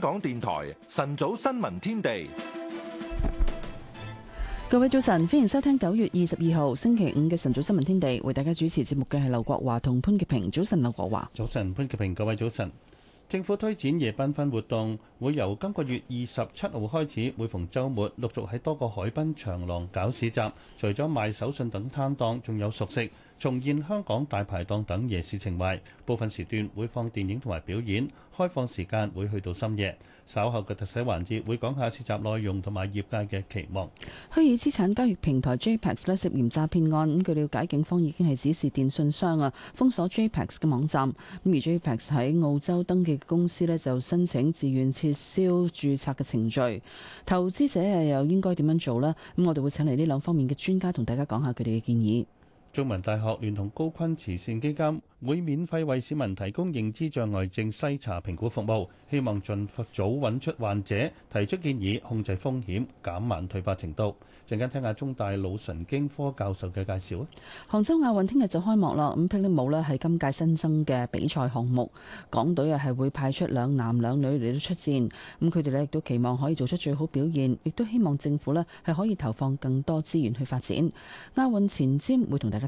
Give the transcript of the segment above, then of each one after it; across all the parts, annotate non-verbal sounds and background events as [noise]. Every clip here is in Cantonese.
港電台晨早新聞天地，各位早晨，歡迎收聽九月二十二號星期五嘅晨早新聞天地。為大家主持節目嘅係劉國華同潘潔平。早晨，劉國華，早晨，潘潔平。各位早晨。政府推展夜繽紛活動，會由今個月二十七號開始，每逢周末陸續喺多個海濱長廊搞市集。除咗賣手信等攤檔，仲有熟食。重現香港大排檔等夜市情懷，部分時段會放電影同埋表演，開放時間會去到深夜。稍後嘅特寫環節會講下市集內容同埋業界嘅期望。虛擬資產交易平台 JPEX 涉嫌詐騙案，咁據瞭解，警方已經係指示電信商啊封鎖 JPEX 嘅網站。咁而 JPEX 喺澳洲登記嘅公司咧就申請自願撤銷註冊嘅程序。投資者又應該點樣做呢？咁我哋會請嚟呢兩方面嘅專家同大家講下佢哋嘅建議。中文大學聯同高坤慈善基金會免費為市民提供認知障礙症篩查評估服務，希望盡早揾出患者，提出建議，控制風險，減慢退化程度。陣間聽下中大腦神經科教授嘅介紹啊！杭州亞運聽日就開幕啦！咁霹靂舞呢係今屆新增嘅比賽項目，港隊啊係會派出兩男兩女嚟到出戰。咁佢哋呢亦都期望可以做出最好表現，亦都希望政府呢係可以投放更多資源去發展。亞運前瞻會同大家。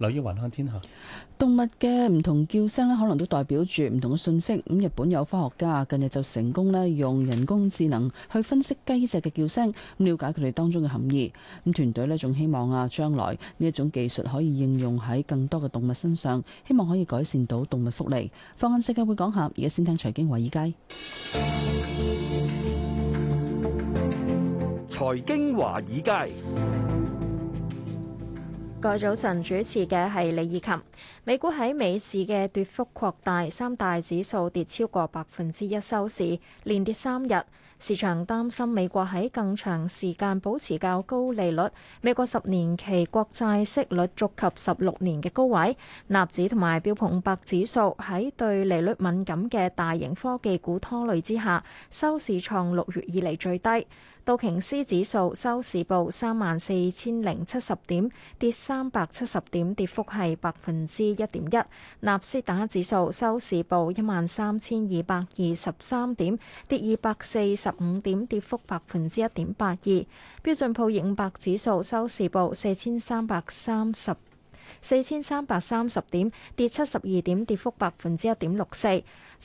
嚟一環看天下，動物嘅唔同叫聲咧，可能都代表住唔同嘅信息。咁日本有科學家近日就成功咧，用人工智能去分析雞隻嘅叫聲，咁了解佢哋當中嘅含義。咁團隊咧仲希望啊，將來呢一種技術可以應用喺更多嘅動物身上，希望可以改善到動物福利。放眼世界會講下，而家先聽財經華爾街。財經華爾街。個早晨主持嘅係李以琴。美股喺美市嘅跌幅擴大，三大指數跌超過百分之一收市，連跌三日。市場擔心美國喺更長時間保持較高利率，美國十年期國債息率觸及十六年嘅高位。納指同埋標普五百指數喺對利率敏感嘅大型科技股拖累之下，收市創六月以嚟最低。道瓊斯指數收市報三萬四千零七十點，跌三百七十點，跌幅係百分之一點一。納斯達克指數收市報一萬三千二百二十三點，跌二百四十五點，跌幅百分之一點八二。標準普爾五百指數收市報四千三百三十四千三百三十點，跌七十二點，跌幅百分之一點六四。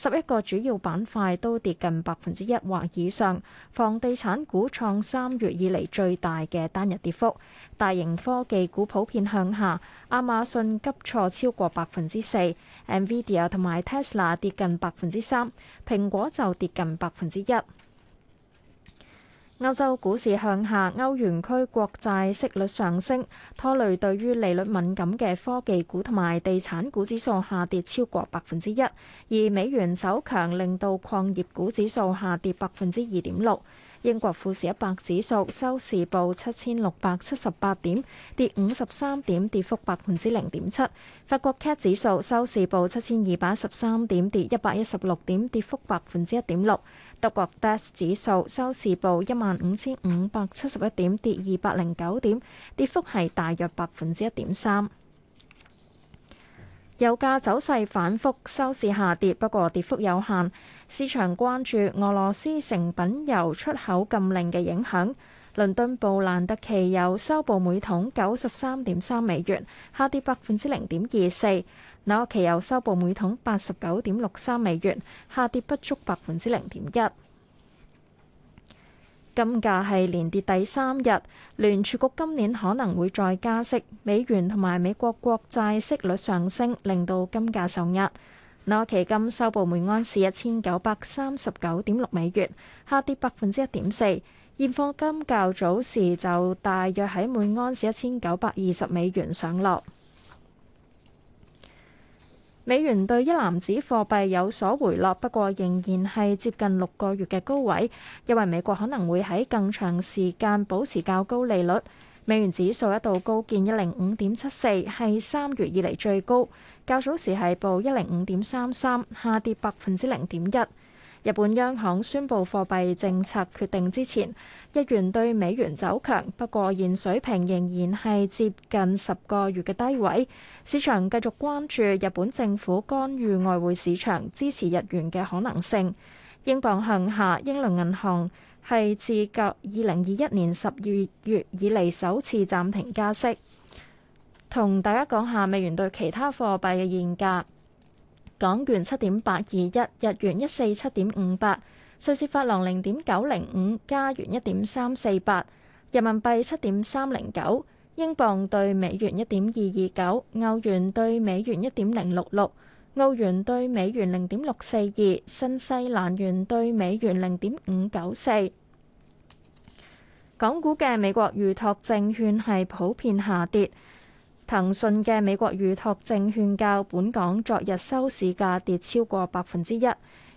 十一個主要板塊都跌近百分之一或以上，房地產股創三月以嚟最大嘅單日跌幅，大型科技股普遍向下，亞馬遜急挫超過百分之四，NVIDIA 同埋 Tesla 跌近百分之三，蘋果就跌近百分之一。歐洲股市向下，歐元區國債息率上升，拖累對於利率敏感嘅科技股同埋地產股指數下跌超過百分之一，而美元走強令到礦業股指數下跌百分之二點六。英國富時一百指數收市報七千六百七十八點，跌五十三點，跌幅百分之零點七。法國 CAC 指數收市報七千二百十三點，跌一百一十六點，跌幅百分之一點六。德國 DAX 指數收市報一萬五千五百七十一點，跌二百零九點，跌幅係大約百分之一點三。油價走勢反覆，收市下跌，不過跌幅有限。市場關注俄羅斯成品油出口禁令嘅影響。倫敦布蘭特期油收報每桶九十三點三美元，下跌百分之零點二四。紐約期油收報每桶八十九點六三美元，下跌不足百分之零點一。金價係連跌第三日，聯儲局今年可能會再加息，美元同埋美國國債息率上升，令到金價受壓。紐約期金收報每安士一千九百三十九點六美元，下跌百分之一點四。現貨金較早時就大約喺每安士一千九百二十美元上落。美元對一籃子貨幣有所回落，不過仍然係接近六個月嘅高位，因為美國可能會喺更長時間保持較高利率。美元指數一度高見一零五點七四，係三月以嚟最高。較早時係報一零五點三三，下跌百分之零點一。日本央行宣布貨幣政策決定之前，日元兌美元走強，不過現水平仍然係接近十個月嘅低位。市場繼續關注日本政府干預外匯市場支持日元嘅可能性。英鎊向下，英倫銀行係自隔二零二一年十二月以嚟首次暫停加息。同大家講下美元對其他貨幣嘅現價。港元七點八二一，日元一四七點五八，瑞士法郎零點九零五，加元一點三四八，人民幣七點三零九，英鎊對美元一點二二九，歐元對美元一點零六六，澳元對美元零點六四二，新西蘭元對美元零點五九四。港股嘅美國預託證券係普遍下跌。騰訊嘅美國預託證券較本港昨日收市價跌超過百分之一，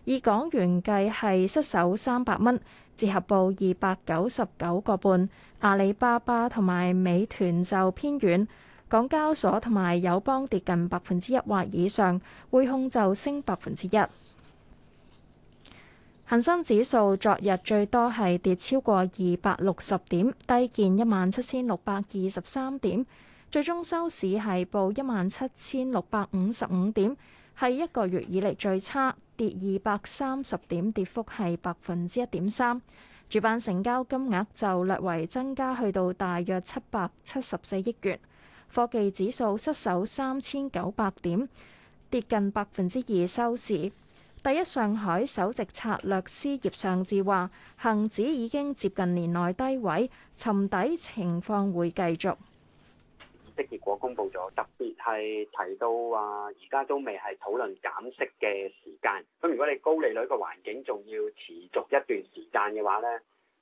以港元計係失守三百蚊，折合報二百九十九個半。阿里巴巴同埋美團就偏遠，港交所同埋友邦跌近百分之一或以上，匯控就升百分之一。恒生指數昨日最多係跌超過二百六十點，低見一萬七千六百二十三點。最終收市係報一萬七千六百五十五點，係一個月以嚟最差，跌二百三十點，跌幅係百分之一點三。主板成交金額就略為增加，去到大約七百七十四億元。科技指數失守三千九百點，跌近百分之二收市。第一上海首席策略師葉尚志話，恒指已經接近年內低位，沉底情況會繼續。啲結果公布咗，特別係提到啊，而家都未係討論減息嘅時間。咁如果你高利率嘅環境仲要持續一段時間嘅話呢，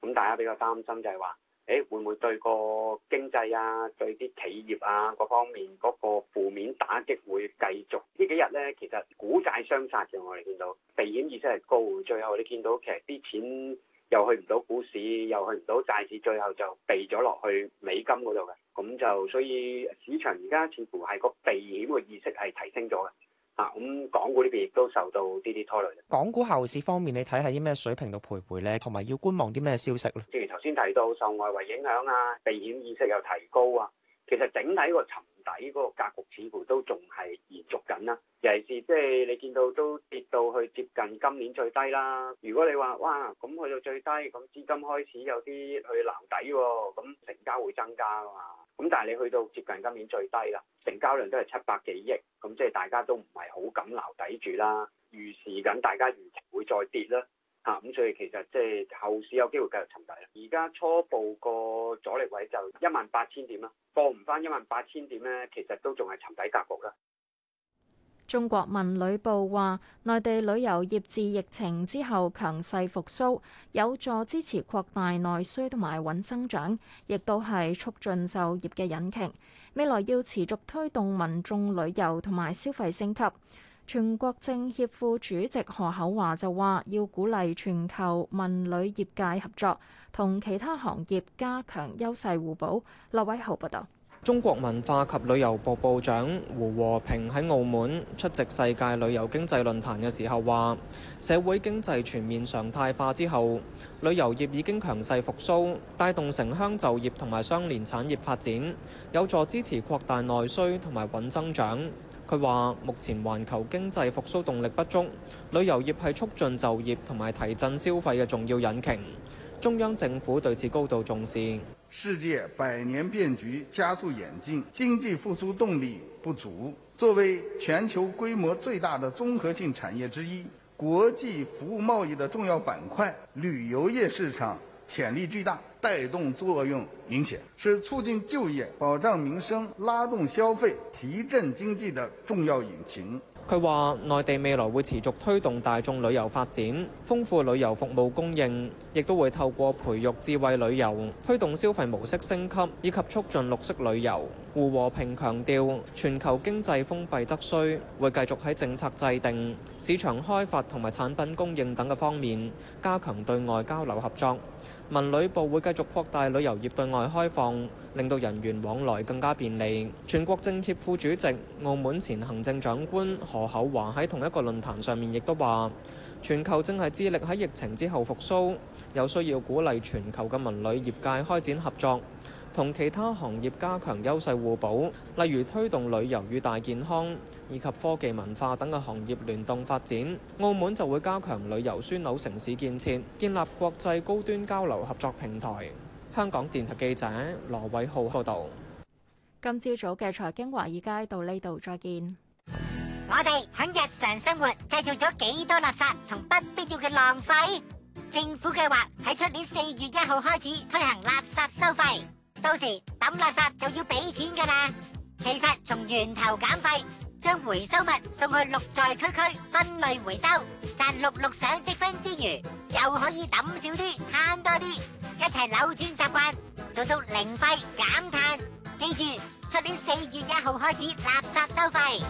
咁大家比較擔心就係話，誒、欸、會唔會對個經濟啊、對啲企業啊各方面嗰個負面打擊會繼續？呢幾日呢，其實股債雙殺嘅，我哋見到避險意識係高，最後你見到其實啲錢，又去唔到股市，又去唔到債市，最後就避咗落去美金嗰度嘅，咁就所以市場而家似乎係個避險嘅意識係提升咗嘅，嚇、啊、咁港股呢邊亦都受到啲啲拖累。港股後市方面，你睇下啲咩水平度徘徊咧？同埋要觀望啲咩消息咧？正如頭先提到，受外圍影響啊，避險意識又提高啊。其實整體個沉底嗰個格局似乎都仲係延續緊啦，尤其是即係你見到都跌到去接近今年最低啦。如果你話哇咁去到最低咁，資金開始有啲去撈底喎，咁成交會增加㗎嘛。咁但係你去到接近今年最低啦，成交量都係七百幾億，咁即係大家都唔係好敢撈底住啦，預示緊大家預期會再跌啦。啊，咁所以其實即係後市有機會繼續沉底。而家初步個阻力位就一萬八千點啦，放唔翻一萬八千點咧，其實都仲係沉底格局啦。中國文旅部話，內地旅遊業自疫情之後強勢復甦，有助支持擴大內需同埋穩增長，亦都係促進就業嘅引擎。未來要持續推動民眾旅遊同埋消費升級。全國政協副主席何厚鏵就話，要鼓勵全球文旅業界合作，同其他行業加強優勢互補。劉威豪報道。中國文化及旅遊部部長胡和平喺澳門出席世界旅遊經濟論壇嘅時候話，社會經濟全面常態化之後，旅遊業已經強勢復甦，帶動城鄉就業同埋相連產業發展，有助支持擴大內需同埋穩增長。佢話目前環球經濟復甦動力不足，旅遊業係促進就業同埋提振消費嘅重要引擎，中央政府對此高度重視，世界百年變局加速演進，經濟復甦動力不足。作為全球規模最大的綜合性產業之一，國際服務貿易的重要板塊，旅遊業市場潛力巨大。帶動作用明顯，是促進就業、保障民生、拉動消費、提振經濟的重要引擎。佢話：內地未來會持續推動大眾旅遊發展，豐富旅遊服務供應，亦都會透過培育智慧旅遊，推動消費模式升級，以及促進綠色旅遊。胡和平強調，全球經濟封閉則衰，會繼續喺政策制定、市場開發同埋產品供應等嘅方面加強對外交流合作。文旅部會繼續擴大旅遊業對外開放，令到人員往來更加便利。全國政協副主席、澳門前行政長官何厚鏵喺同一個論壇上面亦都話：全球正係致力喺疫情之後復甦，有需要鼓勵全球嘅文旅業界開展合作。同其他行業加強優勢互補，例如推動旅遊與大健康以及科技文化等嘅行業聯動發展。澳門就會加強旅遊樞紐城市建設，建立國際高端交流合作平台。香港電台記者羅偉浩報導。今朝早嘅財經華爾街到呢度，再見。我哋喺日常生活製造咗幾多垃圾同不必要嘅浪費？政府計劃喺出年四月一號開始推行垃圾收費。到時抌垃圾就要俾錢噶啦。其實從源頭減費，將回收物送去綠在區區分類回收，賺綠綠賞積分之餘，又可以抌少啲，慳多啲。一齊扭轉習慣，做到零費減碳。記住，出年四月一號開始垃圾收費。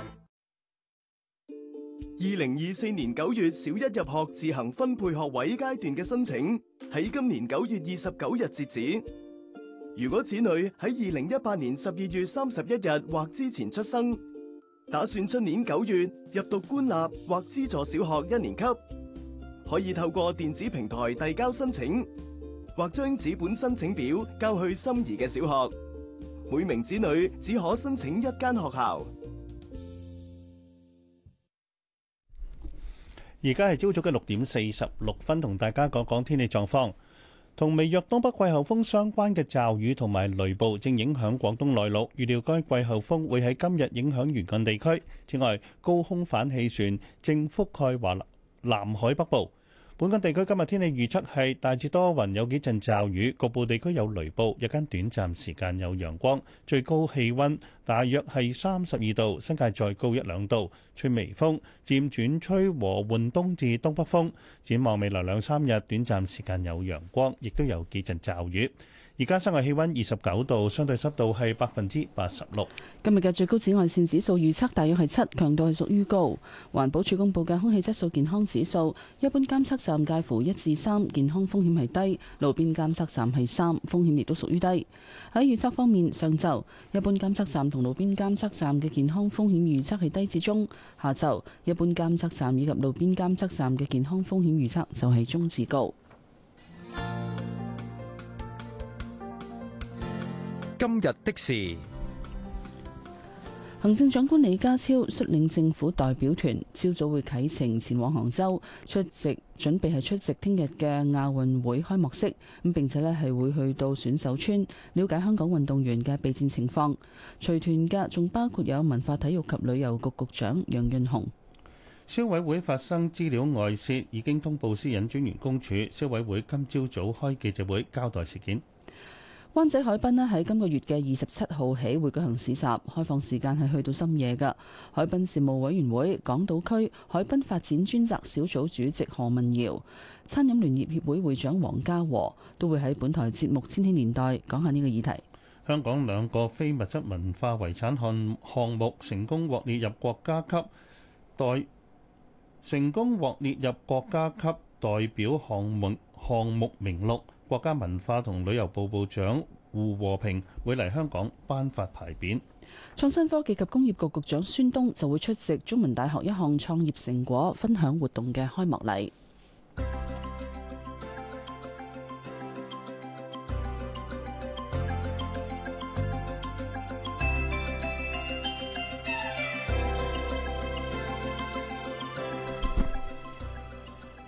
二零二四年九月小一入學自行分配學位階段嘅申請，喺今年九月二十九日截止。如果子女喺二零一八年十二月三十一日或之前出生，打算出年九月入讀官立或資助小學一年級，可以透過電子平台遞交申請，或將紙本申請表交去心儀嘅小學。每名子女只可申請一間學校。而家係朝早嘅六點四十六分，同大家講講天氣狀況。同微弱東北季候風相關嘅驟雨同埋雷暴正影響廣東內陸，預料該季候風會喺今日影響沿岸地區，此外，高空反氣旋正覆蓋華南海北部。本港地區今日天氣預測係大致多雲有幾陣驟雨，局部地區有雷暴，日間短暫時間有陽光，最高氣溫大約係三十二度，新界再高一兩度，吹微風漸轉吹和緩東至東北風，展望未來兩三日，短暫時間有陽光，亦都有幾陣驟雨。而家室外氣溫二十九度，相對濕度係百分之八十六。今日嘅最高紫外線指數預測大約係七，強度係屬於高。環保署公布嘅空氣質素健康指數，一般監測站介乎一至三，健康風險係低；路邊監測站係三，風險亦都屬於低。喺預測方面，上晝一般監測站同路邊監測站嘅健康風險預測係低至中；下晝一般監測站以及路邊監測站嘅健康風險預測就係中至高。今日的事，行政長官李家超率領政府代表團，朝早會啟程前往杭州出席，準備係出席聽日嘅亞運會開幕式。咁並且咧係會去到選手村了解香港運動員嘅備戰情況。隨團嘅仲包括有文化體育及旅遊局局長楊潤雄。消委會發生資料外洩，已經通報私隱專員公署。消委會今朝早開記者會交代事件。灣仔海濱呢喺今個月嘅二十七號起會舉行市集，開放時間係去到深夜嘅。海濱事務委員會港島區海濱發展專責小組主席何文堯、餐飲聯業協會會長黃家和都會喺本台節目《千禧年代》講下呢個議題。香港兩個非物質文化遺產項項目成功獲列入國家級代成功獲列入國家級代表項目項目名錄。國家文化同旅遊部部長胡和平會嚟香港頒發牌匾，創新科技及工業局局長孫東就會出席中文大學一項創業成果分享活動嘅開幕禮。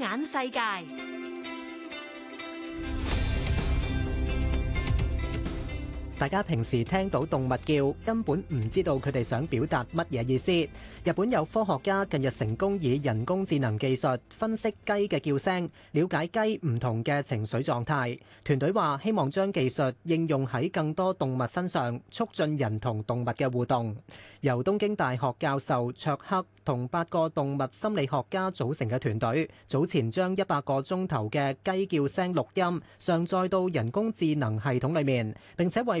眼世界。大家平時聽到動物叫，根本唔知道佢哋想表達乜嘢意思。日本有科學家近日成功以人工智能技術分析雞嘅叫聲，了解雞唔同嘅情緒狀態。團隊話，希望將技術應用喺更多動物身上，促進人同動物嘅互動。由東京大學教授卓克同八個動物心理學家組成嘅團隊，早前將一百個鐘頭嘅雞叫聲錄音上載到人工智能系統裡面，並且為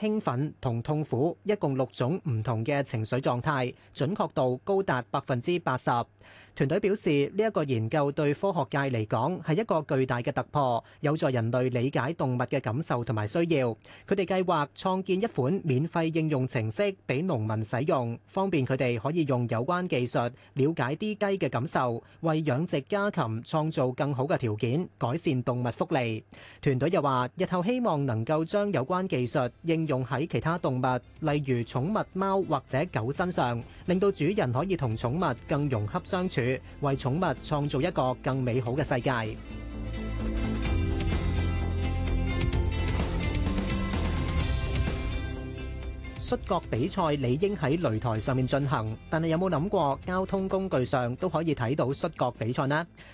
興奮同痛苦一共六種唔同嘅情緒狀態，準確度高達百分之八十。團隊表示，呢一個研究對科學界嚟講係一個巨大嘅突破，有助人類理解動物嘅感受同埋需要。佢哋計劃創建一款免費應用程式俾農民使用，方便佢哋可以用有關技術了解啲雞嘅感受，為養殖家禽創造更好嘅條件，改善動物福利。團隊又話，日後希望能夠將有關技術應用喺其他動物，例如寵物貓或者狗身上，令到主人可以同寵物更融洽相處。為寵物創造一個更美好嘅世界。摔角比賽理應喺擂台上面進行，但係有冇諗過交通工具上都可以睇到摔角比賽呢？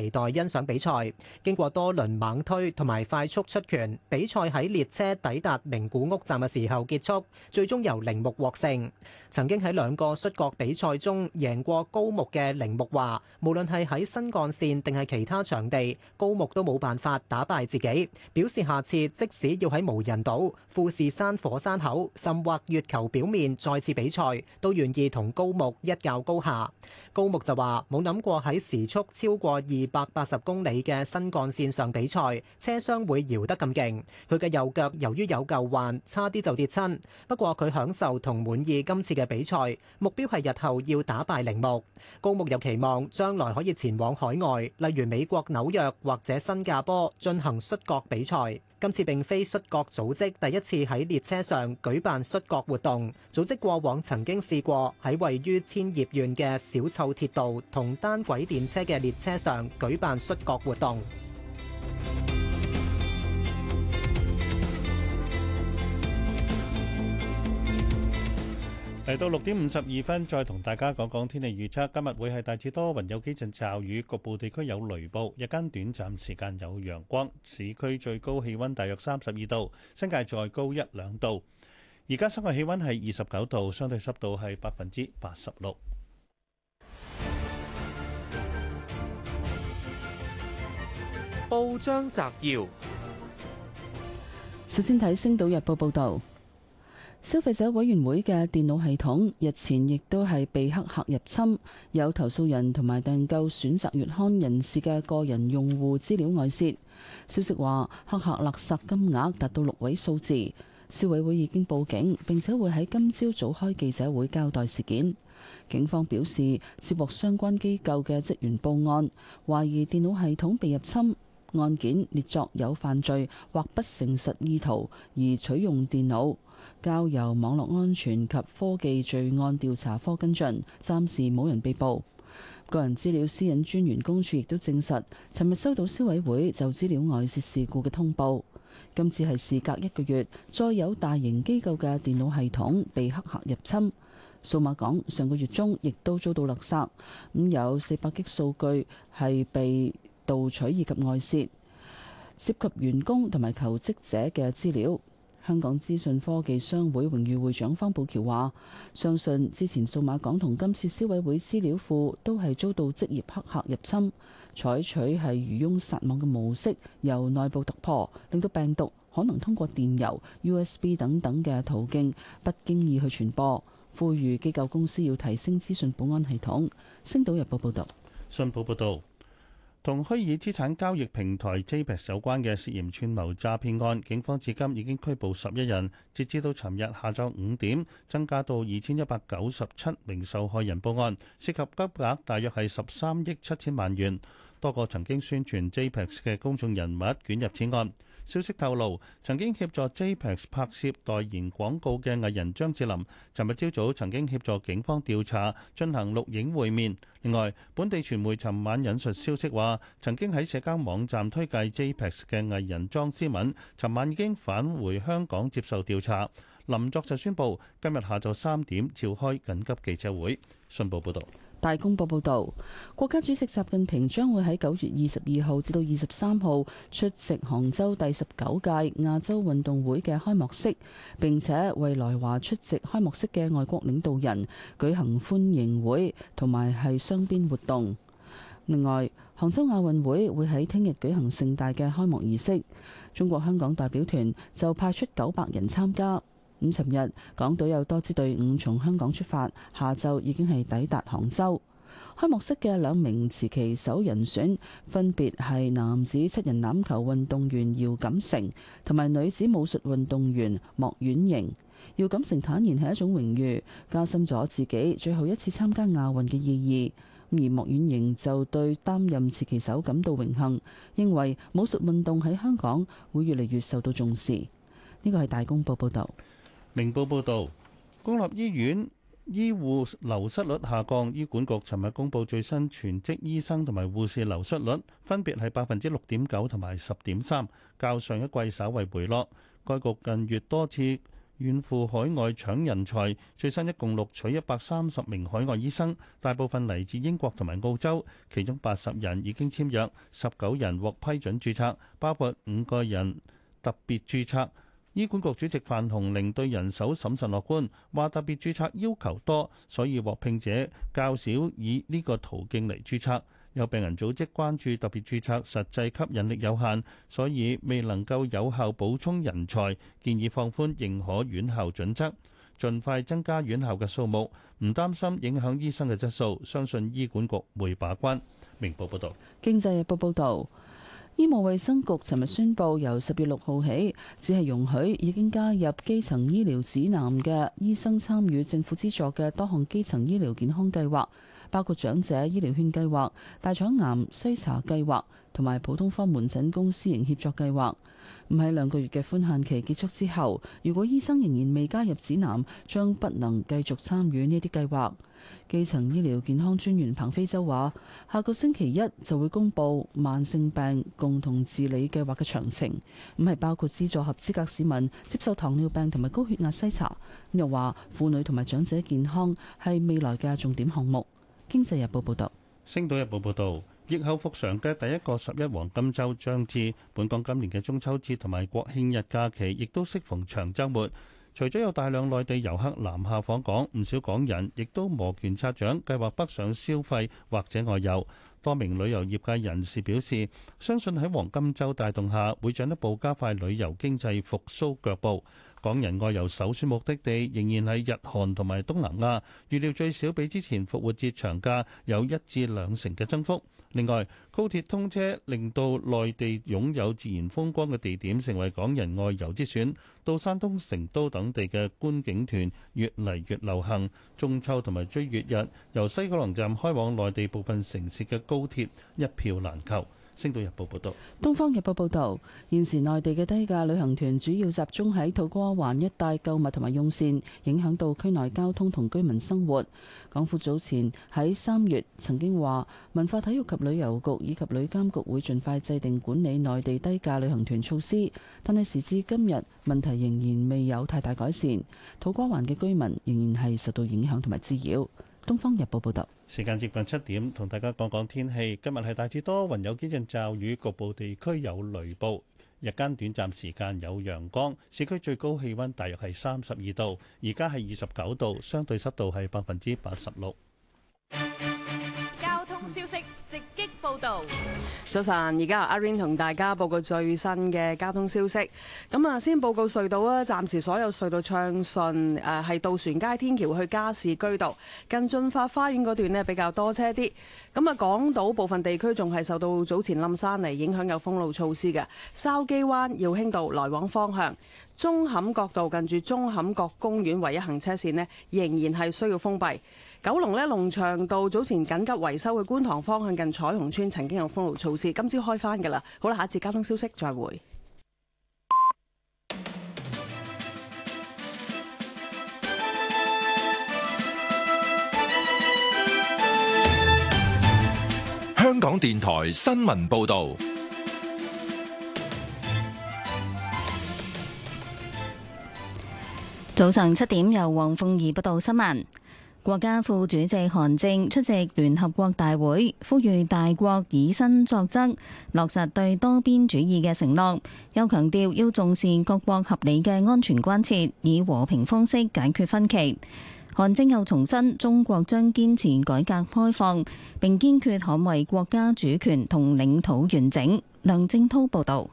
期待欣賞比賽。經過多輪猛推同埋快速出拳，比賽喺列車抵達名古屋站嘅時候結束。最終由鈴木獲勝。曾經喺兩個摔角比賽中贏過高木嘅鈴木話：無論係喺新幹線定係其他場地，高木都冇辦法打敗自己。表示下次即使要喺無人島、富士山火山口甚或月球表面再次比賽，都願意同高木一較高下。高木就話：冇諗過喺時速超過二百八十公里嘅新幹線上比賽，車廂會搖得咁勁，佢嘅右腳由於有舊患，差啲就跌親。不過佢享受同滿意今次嘅比賽，目標係日後要打敗鈴木。高木又期望，將來可以前往海外，例如美國紐約或者新加坡進行摔角比賽。今次並非摔角組織第一次喺列車上舉辦摔角活動，組織過往曾經試過喺位於千葉縣嘅小湊鐵道同單軌電車嘅列車上舉辦摔角活動。嚟到六點五十二分，再同大家講講天氣預測。今日會係大致多雲，有幾陣驟雨，局部地區有雷暴。日間短暫時間有陽光。市區最高氣溫大約三十二度，新界再高一兩度。而家室外氣溫係二十九度，相對濕度係百分之八十六。報章摘要：首先睇《星島日報》報道。消費者委員會嘅電腦系統日前亦都係被黑客入侵，有投訴人同埋訂購選擇月刊人士嘅個人用戶資料外泄。消息話黑客勒索金額達到六位數字，消委會已經報警，並且會喺今朝早，早開記者會交代事件。警方表示接獲相關機構嘅職員報案，懷疑電腦系統被入侵案件列作有犯罪或不誠實意圖而取用電腦。交由網絡安全及科技罪案調查科跟進，暫時冇人被捕。個人資料私隱專員公署亦都證實，尋日收到消委會就資料外泄事故嘅通報。今次係事隔一個月，再有大型機構嘅電腦系統被黑客入侵。數碼港上個月中亦都遭到勒索，咁有四百 GB 數據係被盜取以及外泄，涉及員工同埋求職者嘅資料。香港資訊科技商會榮譽會長方寶橋話：相信之前數碼港同今次消委會資料庫都係遭到職業黑客入侵，採取係漁翁撒網嘅模式，由內部突破，令到病毒可能通過電郵、USB 等等嘅途徑不經意去傳播。呼籲機構公司要提升資訊保安系統。星島日報報道。新報報導。同虛擬資產交易平台 JPEX 有關嘅涉嫌串謀詐騙案，警方至今已經拘捕十一人。截至到尋日下晝五點，增加到二千一百九十七名受害人報案，涉及金額大約係十三億七千萬元。多個曾經宣傳 JPEX 嘅公眾人物捲入此案。消息透露，曾經協助 JPEX 拍攝代言廣告嘅藝人張智霖，尋日朝早曾經協助警方調查進行錄影會面。另外，本地傳媒尋晚引述消息話，曾經喺社交網站推介 JPEX 嘅藝人莊思敏，尋晚已經返回香港接受調查。林作就宣布今日下晝三點召開緊急記者會。信報報道。大公報報導，國家主席習近平將會喺九月二十二號至到二十三號出席杭州第十九屆亞洲運動會嘅開幕式，並且為來華出席開幕式嘅外國領導人舉行歡迎會同埋係雙邊活動。另外，杭州亞運會會喺聽日舉行盛大嘅開幕儀式，中國香港代表團就派出九百人參加。咁，尋日港隊有多支隊伍從香港出發，下晝已經係抵達杭州。開幕式嘅兩名持旗手人選分別係男子七人欖球運動員姚錦成同埋女子武術運動員莫婉瑩。姚錦成坦言係一種榮譽，加深咗自己最後一次參加亞運嘅意義。而莫婉瑩就對擔任持旗手感到榮幸，認為武術運動喺香港會越嚟越受到重視。呢個係大公報報道。明報報導，公立醫院醫護流失率下降。醫管局尋日公佈最新全職醫生同埋護士流失率，分別係百分之六點九同埋十點三，較上一季稍為回落。該局近月多次遠赴海外搶人才，最新一共錄取一百三十名海外醫生，大部分嚟自英國同埋澳洲，其中八十人已經簽約，十九人獲批准註冊，包括五個人特別註冊。醫管局主席范鴻齡對人手審慎樂觀，話特別註冊要求多，所以獲聘者較少以呢個途徑嚟註冊。有病人組織關注特別註冊實際吸引力有限，所以未能夠有效補充人才，建議放寬認可院校準則，盡快增加院校嘅數目，唔擔心影響醫生嘅質素。相信醫管局會把關。明報報道。《經濟日報》報道。醫務衛生局尋日宣布，由十月六號起，只係容許已經加入基層醫療指南嘅醫生參與政府資助嘅多項基層醫療健康計劃，包括長者醫療券計劃、大腸癌篩查計劃同埋普通科門診公私營協作計劃。唔喺兩個月嘅寬限期結束之後，如果醫生仍然未加入指南，將不能繼續參與呢啲計劃。基層醫療健康專員彭飛洲話，下個星期一就會公佈慢性病共同治理計劃嘅詳情，咁係包括資助合資格市民接受糖尿病同埋高血壓篩查。又話婦女同埋長者健康係未來嘅重點項目。經濟日報報道，星島日報報道，疫後復常嘅第一個十一黃金周將至，本港今年嘅中秋節同埋國慶日假期亦都適逢長週末。除咗有大量內地遊客南下訪港，唔少港人亦都摩拳擦掌，計劃北上消費或者外遊。多名旅遊業界人士表示，相信喺黃金周帶動下，會進一步加快旅遊經濟復甦腳步。港人外遊首選目的地仍然係日韓同埋東南亞，預料最少比之前復活節長假有一至兩成嘅增幅。另外，高鐵通車令到內地擁有自然風光嘅地點成為港人外遊之選，到山東、成都等地嘅觀景團越嚟越流行。中秋同埋追月日，由西九龍站開往內地部分城市嘅高鐵一票難求。《星島日報》報導，《東方日報》報導，現時內地嘅低價旅行團主要集中喺土瓜灣一帶購物同埋用膳，影響到區內交通同居民生活。港府早前喺三月曾經話，文化體育及旅遊局以及旅監局會盡快制定管理內地低價旅行團措施，但係時至今日，問題仍然未有太大改善。土瓜灣嘅居民仍然係受到影響同埋滋擾，《東方日報》報導。時間接近七點，同大家講講天氣。今日係大致多雲，有幾陣驟雨，局部地區有雷暴。日間短暫時間有陽光。市區最高氣溫大約係三十二度，而家係二十九度，相對濕度係百分之八十六。消息直擊報導。早晨，而家阿 Rain 同大家報告最新嘅交通消息。咁啊，先報告隧道啊，暫時所有隧道暢順。誒，係渡船街天橋去加士居道、近駿發花園嗰段呢，比較多車啲。咁啊，港島部分地區仲係受到早前冧山嚟影響，有封路措施嘅。筲箕灣耀興道來往方向、舂坎角道近住舂坎角公園唯一行車線呢，仍然係需要封閉。九龍咧，龍翔道早前緊急維修嘅觀塘方向近彩虹村，曾經有封路措施，今朝開返㗎喇。好啦，下一次交通消息再會。香港電台新聞報道，早上七點由黃鳳儀報道新聞。國家副主席韓正出席聯合國大會，呼籲大國以身作則，落實對多邊主義嘅承諾，又強調要重視各國合理嘅安全關切，以和平方式解決分歧。韓正又重申，中國將堅持改革開放，並堅決捍衛國家主權同領土完整。梁正濤報道。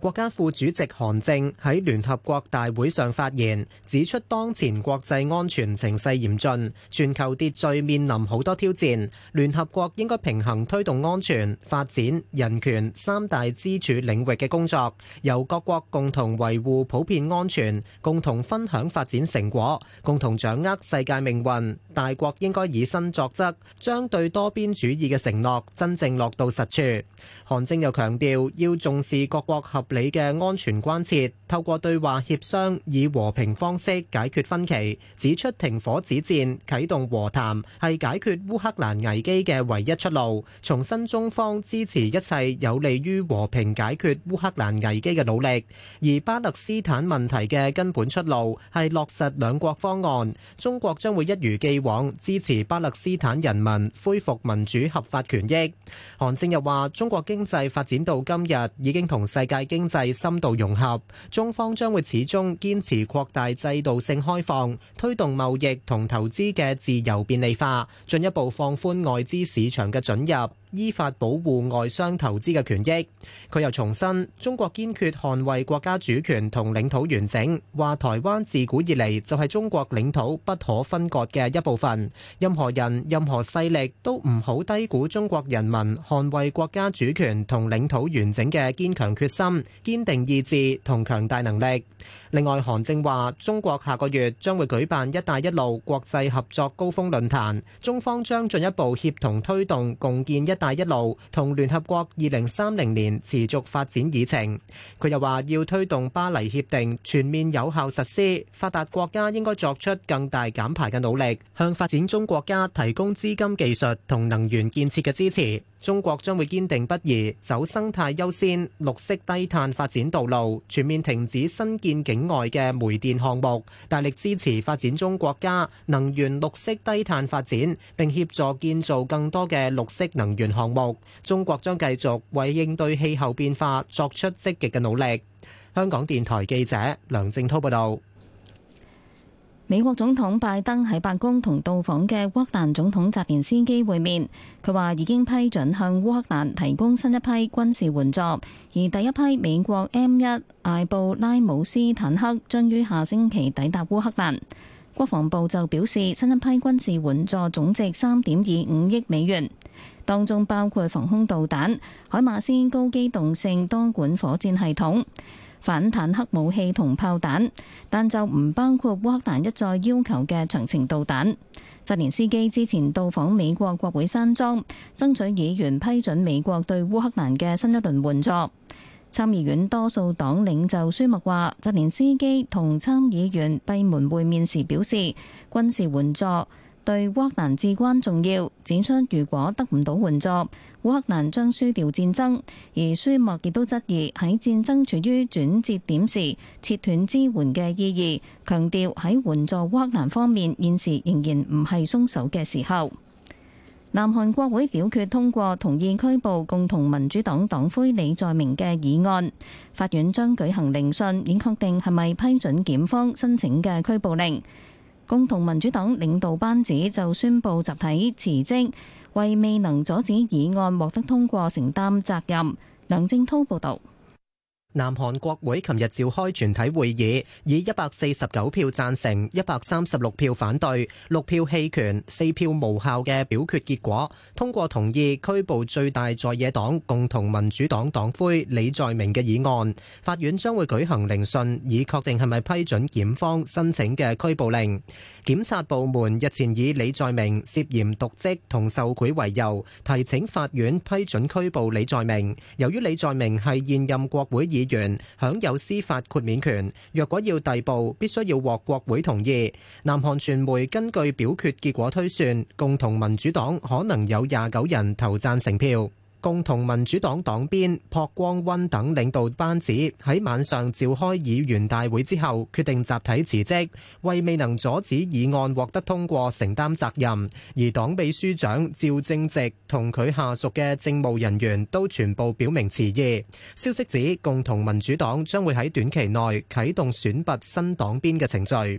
國家副主席韓正喺聯合國大會上發言，指出當前國際安全情勢嚴峻，全球秩序面臨好多挑戰。聯合國應該平衡推動安全、發展、人權三大支柱領域嘅工作，由各國共同維護普遍安全，共同分享發展成果，共同掌握世界命運。大國應該以身作則，將對多邊主義嘅承諾真正落到實處。韓正又強調，要重視各國合你嘅安全關切，透過對話協商，以和平方式解決分歧。指出停火止戰、啟動和談係解決烏克蘭危機嘅唯一出路。重申中方支持一切有利於和平解決烏克蘭危機嘅努力。而巴勒斯坦問題嘅根本出路係落實兩國方案。中國將會一如既往支持巴勒斯坦人民恢復民主合法權益。韓正又話，中國經濟發展到今日已經同世界經經濟深度融合，中方將會始終堅持擴大制度性開放，推動貿易同投資嘅自由便利化，進一步放寬外資市場嘅準入。依法保護外商投資嘅權益。佢又重申，中國堅決捍衛國家主權同領土完整，話台灣自古以嚟就係中國領土不可分割嘅一部分。任何人、任何勢力都唔好低估中國人民捍衛國家主權同領土完整嘅堅強決心、堅定意志同強大能力。另外，韓正話，中國下個月將會舉辦“一帶一路”國際合作高峰論壇，中方將進一步協同推動共建“一帶一路”同聯合國二零三零年持續發展議程。佢又話，要推動巴黎協定全面有效實施，發達國家應該作出更大減排嘅努力，向發展中國家提供資金、技術同能源建設嘅支持。中國將會堅定不移走生態優先綠色低碳發展道路全面停止新建境外的煤電項目大力支持發展中國家能源綠色低碳發展並協助建造更多的綠色能源項目中國將繼續為應對氣候變化作出積極的努力香港電台記者梁靜滔報道美國總統拜登喺白宮同到訪嘅烏克蘭總統澤連斯基會面，佢話已經批准向烏克蘭提供新一批軍事援助，而第一批美國 M1 艾布拉姆斯坦克將於下星期抵達烏克蘭。國防部就表示，新一批軍事援助總值三點二五億美元，當中包括防空導彈、海馬斯高機動性多管火箭系統。反坦克武器同炮彈，但就唔包括烏克蘭一再要求嘅長程導彈。澤連斯基之前到訪美國國會山莊，爭取議員批准美國對烏克蘭嘅新一輪援助。參議院多數黨領袖舒默話，澤連斯基同參議員閉門會面時表示，軍事援助，對烏克蘭至關重要，指出如果得唔到援助，烏克蘭將輸掉戰爭。而舒默亦都質疑喺戰爭處於轉折點時，切斷支援嘅意義。強調喺援助烏克蘭方面，現時仍然唔係鬆手嘅時候。南韓國會表決通過同意拘捕共同民主黨黨魁李在明嘅議案。法院將舉行聆訊，以確定係咪批准檢方申請嘅拘捕令。共同民主黨領導班子就宣布集體辭職，為未能阻止議案獲得通過承擔責任。梁正濤報道。南韓國會琴日召開全體會議，以一百四十九票贊成、一百三十六票反對、六票棄權、四票無效嘅表決結果，通過同意拘捕最大在野黨共同民主黨黨魁李在明嘅議案。法院將會舉行聆訊，以確定係咪批准檢方申請嘅拘捕令。檢察部門日前以李在明涉嫌瀆職同受賄為由，提請法院批准拘捕李在明。由於李在明係現任國會議員。議員享有司法豁免權，若果要逮捕，必須要獲國會同意。南韓傳媒根據表決結果推算，共同民主黨可能有廿九人投贊成票。共同民主黨黨鞭朴光温等領導班子喺晚上召開議員大會之後，決定集體辭職，為未能阻止議案獲得通過承擔責任。而黨秘書長趙正直同佢下屬嘅政務人員都全部表明辭意。消息指，共同民主黨將會喺短期內啟動選拔新黨鞭嘅程序。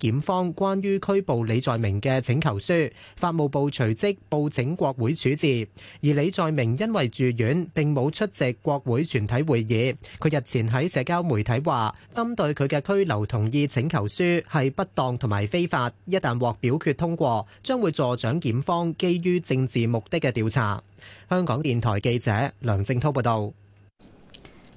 檢方關於拘捕李在明嘅請求書，法務部隨即報請國會處置。而李在明因為住院，並冇出席國會全體會議。佢日前喺社交媒體話，針對佢嘅拘留同意請求書係不當同埋非法。一旦獲表決通過，將會助長檢方基於政治目的嘅調查。香港電台記者梁正濤報道。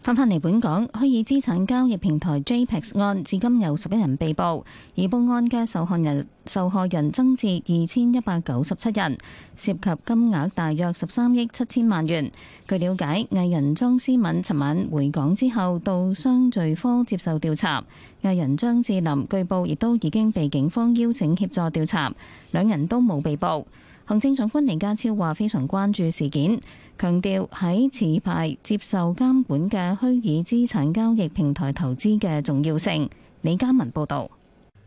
翻返嚟本港，虛擬資產交易平台 JPEX 案至今有十一人被捕，已報案嘅受害人受害人增至二千一百九十七人，涉及金額大約十三億七千萬元。據了解，藝人莊思敏尋晚回港之後，到商罪科接受調查。藝人張智霖據報亦都已經被警方邀請協助調查，兩人都冇被捕。行政長官李家超話，非常關注事件，強調喺持牌接受監管嘅虛擬資產交易平台投資嘅重要性。李家文報導。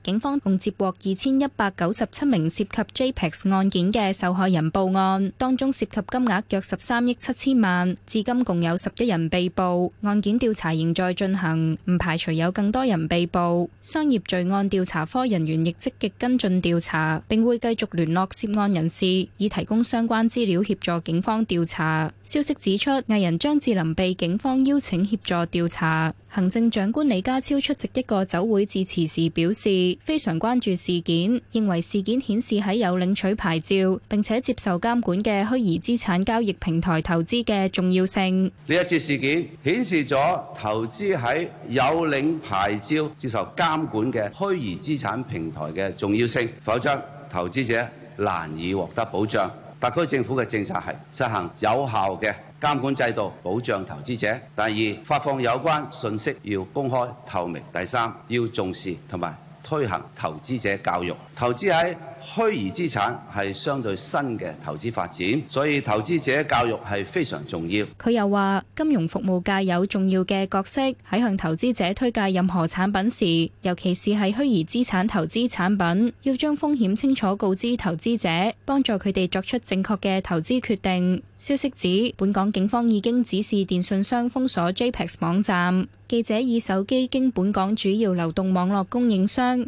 警方共接獲二千一百九十七名涉及 JPEX 案件嘅受害人報案，當中涉及金額約十三億七千萬。至今共有十一人被捕，案件調查仍在進行，唔排除有更多人被捕。商業罪案調查科人員亦積極跟進調查，並會繼續聯絡涉案人士，以提供相關資料協助警方調查。消息指出，藝人張智霖被警方邀請協助調查。行政長官李家超出席一個酒會致辭時表示。非常關注事件，認為事件顯示喺有領取牌照並且接受監管嘅虛擬資產交易平台投資嘅重要性。呢一次事件顯示咗投資喺有領牌照、接受監管嘅虛擬資產平台嘅重要性，否則投資者難以獲得保障。特區政府嘅政策係實行有效嘅監管制度，保障投資者。第二，發放有關信息要公開透明。第三，要重視同埋，推行投資者教育，投資喺。虛擬資產係相對新嘅投資發展，所以投資者教育係非常重要。佢又話，金融服務界有重要嘅角色喺向投資者推介任何產品時，尤其是係虛擬資產投資產品，要將風險清楚告知投資者，幫助佢哋作出正確嘅投資決定。消息指，本港警方已經指示電信商封鎖 JPEX 網站。記者以手機經本港主要流動網絡供應商。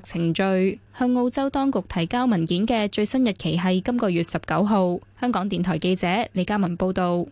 程序向澳洲當局提交文件嘅最新日期係今個月十九號。香港電台記者李嘉文報道。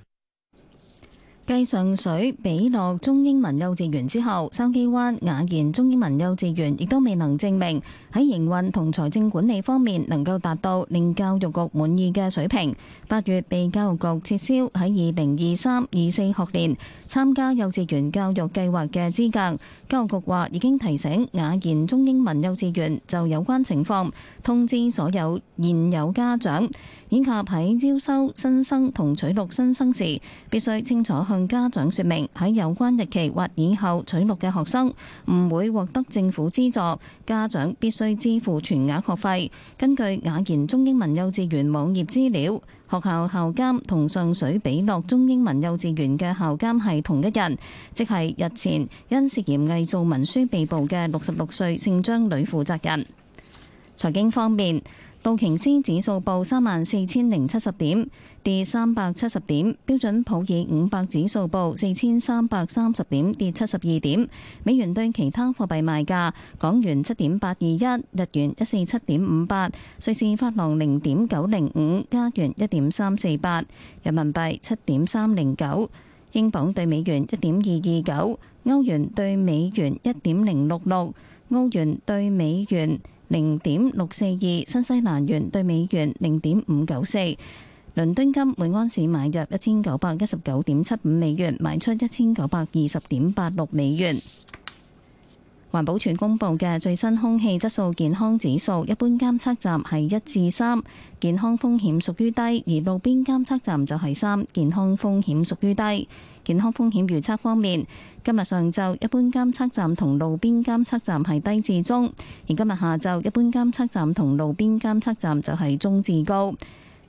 繼上水比樂中英文幼稚園之後，筲箕灣雅賢中英文幼稚園亦都未能證明喺營運同財政管理方面能夠達到令教育局滿意嘅水平，八月被教育局撤銷喺二零二三二四學年參加幼稚園教育計劃嘅資格。教育局話已經提醒雅賢中英文幼稚園就有關情況，通知所有現有家長，以及喺招收新生同取錄新生時必須清楚向家長說明，喺有關日期或以後取錄嘅學生唔會獲得政府資助，家長必須支付全額學費。根據雅言中英文幼稚園網頁資料，學校校監同上水比樂中英文幼稚園嘅校監係同一人，即係日前因涉嫌偽造文書被捕嘅六十六歲姓張女負責人。財經方面，道瓊斯指數報三萬四千零七十點，跌三百七十點。標準普爾五百指數報四千三百三十點，跌七十二點。美元對其他貨幣賣價：港元七點八二一，日元一四七點五八，瑞士法郎零點九零五，加元一點三四八，人民幣七點三零九，英鎊對美元一點二二九，歐元對美元一點零六六，歐元對美元。零點六四二新西蘭元兌美,美元，零點五九四。倫敦金每安士買入一千九百一十九點七五美元，賣出一千九百二十點八六美元。環保署公布嘅最新空氣質素健康指數，一般監測站係一至三，健康風險屬於低；而路邊監測站就係三，健康風險屬於低。健康風險預測方面，今日上晝一般監測站同路邊監測站係低至中，而今日下晝一般監測站同路邊監測站就係中至高。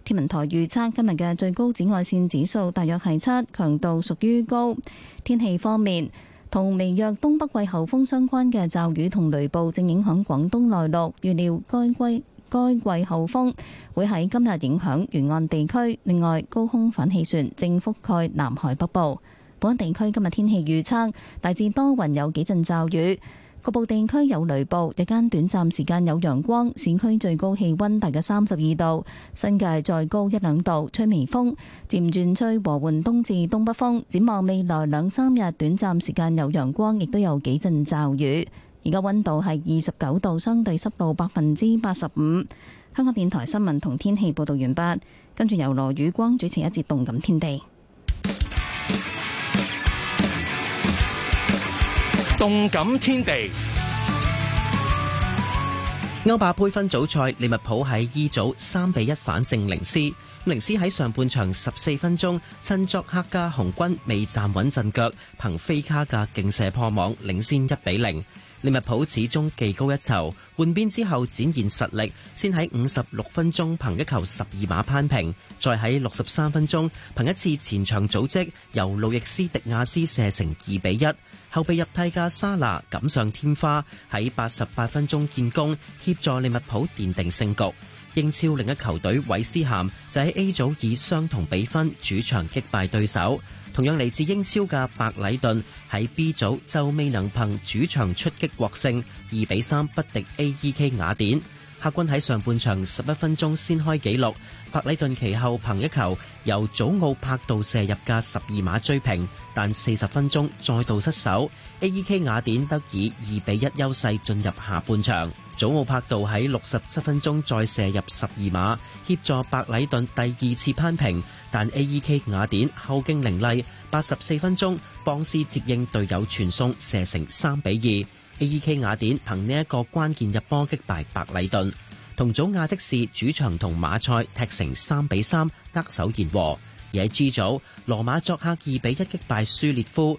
天文台預測今日嘅最高紫外線指數大約係七，強度屬於高。天氣方面，同微弱東北季候風相關嘅驟雨同雷暴正影響廣東內陸，預料該區。該季候風會喺今日影響沿岸地區，另外高空反氣旋正覆蓋南海北部。本地區今日天氣預測大致多雲，有幾陣驟雨，局部地區有雷暴，日間短暫時間有陽光，市區最高氣溫大約三十二度，新界再高一兩度，吹微風，漸轉吹和緩東至東北風。展望未來兩三日，短暫時間有陽光，亦都有幾陣驟雨。而家溫度係二十九度，相對濕度百分之八十五。香港電台新聞同天氣報道完畢。跟住由羅宇光主持一節動感天地。動感天地。歐霸盃分組賽，利物浦喺 E 組三比一反勝零斯。咁零斯喺上半場十四分鐘趁作客家紅軍未站穩陣腳，憑飛卡嘅勁射破網，領先一比零。利物浦始終技高一籌，換邊之後展現實力，先喺五十六分鐘憑一球十二碼攀平，再喺六十三分鐘憑一次前場組織，由路易斯迪亞斯射成二比一。後備入替嘅沙拿錦上添花，喺八十八分鐘建功，協助利物浦奠定勝局。英超另一球隊韋斯咸就喺 A 組以相同比分主場擊敗對手。同樣嚟自英超嘅白禮頓喺 B 組就未能憑主場出擊獲勝，二比三不敵 A.E.K. 雅典。客軍喺上半場十一分鐘先開紀錄，白禮頓其後憑一球由祖奧柏度射入嘅十二碼追平，但四十分鐘再度失手，A.E.K. 雅典得以二比一優勢進入下半場。祖奧柏度喺六十七分鐘再射入十二碼，協助白禮頓第二次攀平。但 A.E.K. 雅典後勁凌厲，八十四分鐘邦斯接應隊友傳送射成三比二。A.E.K. 雅典憑呢一個關鍵入波擊敗白禮頓，同組亞積士主場同馬賽踢成三比三握手言和。而喺 G 組，羅馬作客二比一擊敗舒列夫。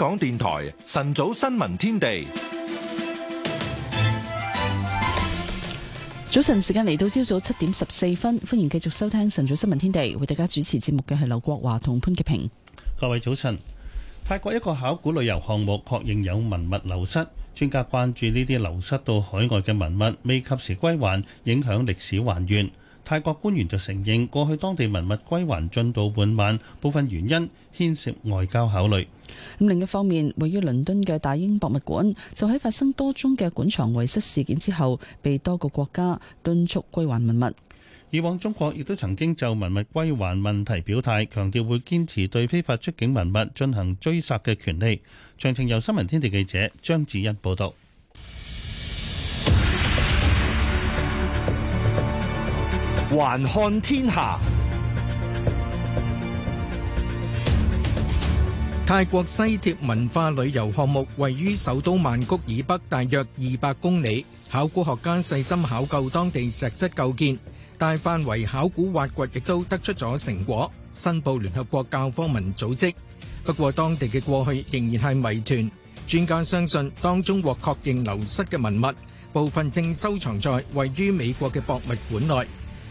港電台晨早新聞天地，早晨時間嚟到朝早七點十四分，歡迎繼續收聽晨早新聞天地，為大家主持節目嘅係劉國華同潘潔平。各位早晨！泰國一個考古旅遊項目確認有文物流失，專家關注呢啲流失到海外嘅文物未及時歸還，影響歷史還原。泰國官員就承認，過去當地文物歸還進度緩慢，部分原因牽涉外交考慮。咁另一方面，位於倫敦嘅大英博物館就喺發生多宗嘅館藏遺失事件之後，被多個國家敦促歸還文物。以往中國亦都曾經就文物歸還問題表態，強調會堅持對非法出境文物進行追索嘅權利。詳情由新聞天地記者張志恩報道。還看天下，泰國西鐵文化旅遊項目位於首都曼谷以北大約二百公里。考古學家細心考究當地石質構建，大範圍考古挖掘，亦都得出咗成果，申報聯合國教科文組織。不過，當地嘅過去仍然係謎團。專家相信，當中獲確認流失嘅文物部分正收藏在位於美國嘅博物館內。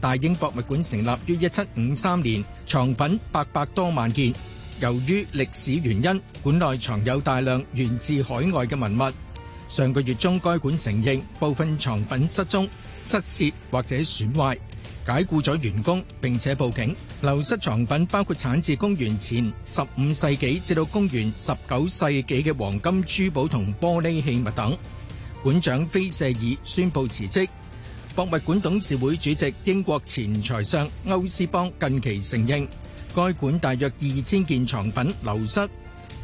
大英博物館成立於1753年,藏品800多萬件。由於歷史原因,館內藏有大量源自海外嘅文物。上個月中,該館承認,部分藏品失蹤,失竊,或者損壞,解雇咗員工,並且報警。流失藏品包括產自公元前15世紀至到公元19世紀嘅黃金珠寶同玻璃器物等。館長菲舍爾宣布辭職,博物館董事會主席、英國前財相歐斯邦近期承認，該館大約二千件藏品流失。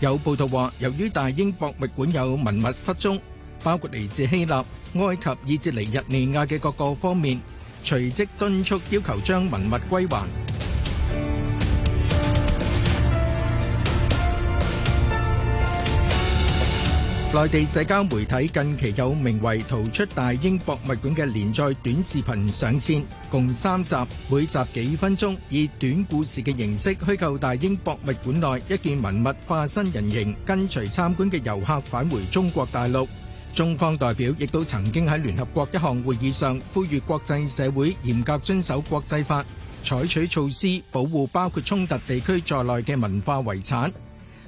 有報道話，由於大英博物館有文物失蹤，包括嚟自希臘、埃及以及尼日利亞嘅各個方面，隨即敦促要求將文物歸還。內地社交媒體近期有名為《逃出大英博物館》嘅連載短視頻上線，共三集，每集幾分鐘，以短故事嘅形式虛構大英博物館內一件文物化身人形，跟隨參觀嘅遊客返回中國大陸。中方代表亦都曾經喺聯合國一項會議上呼籲國際社會嚴格遵守國際法，採取措施保護包括衝突地區在內嘅文化遺產。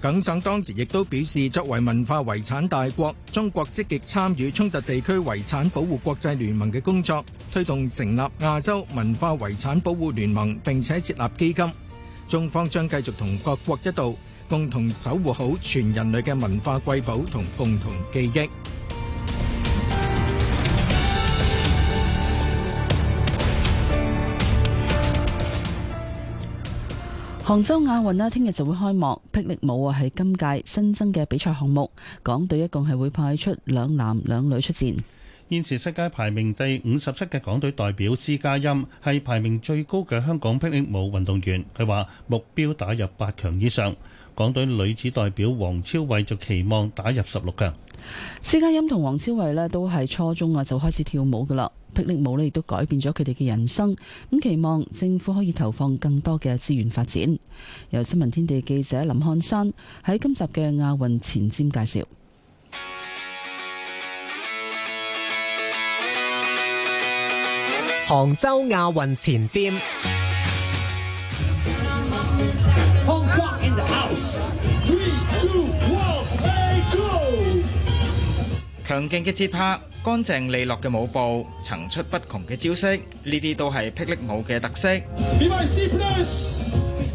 耿省當時亦都表示，作為文化遺產大國，中國積極參與衝突地區遺產保護國際聯盟嘅工作，推動成立亞洲文化遺產保護聯盟，並且設立基金。中方將繼續同各國一道，共同守護好全人類嘅文化瑰寶同共同記憶。杭州亞運呢，聽日就會開幕。霹靂舞啊，係今屆新增嘅比賽項目。港隊一共係會派出兩男兩女出戰。現時世界排名第五十七嘅港隊代表施嘉欣，係排名最高嘅香港霹靂舞運動員。佢話目標打入八強以上。港隊女子代表黃超慧，就期望打入十六強。施嘉欣同黃超慧咧，都係初中啊就開始跳舞噶啦。霹靂舞呢，亦都改變咗佢哋嘅人生，咁期望政府可以投放更多嘅資源發展。由新聞天地記者林漢山喺今集嘅亞運前瞻介紹，杭州亞運前瞻。強勁嘅節拍、乾淨利落嘅舞步、層出不窮嘅招式，呢啲都係霹靂舞嘅特色。B-Boy C+。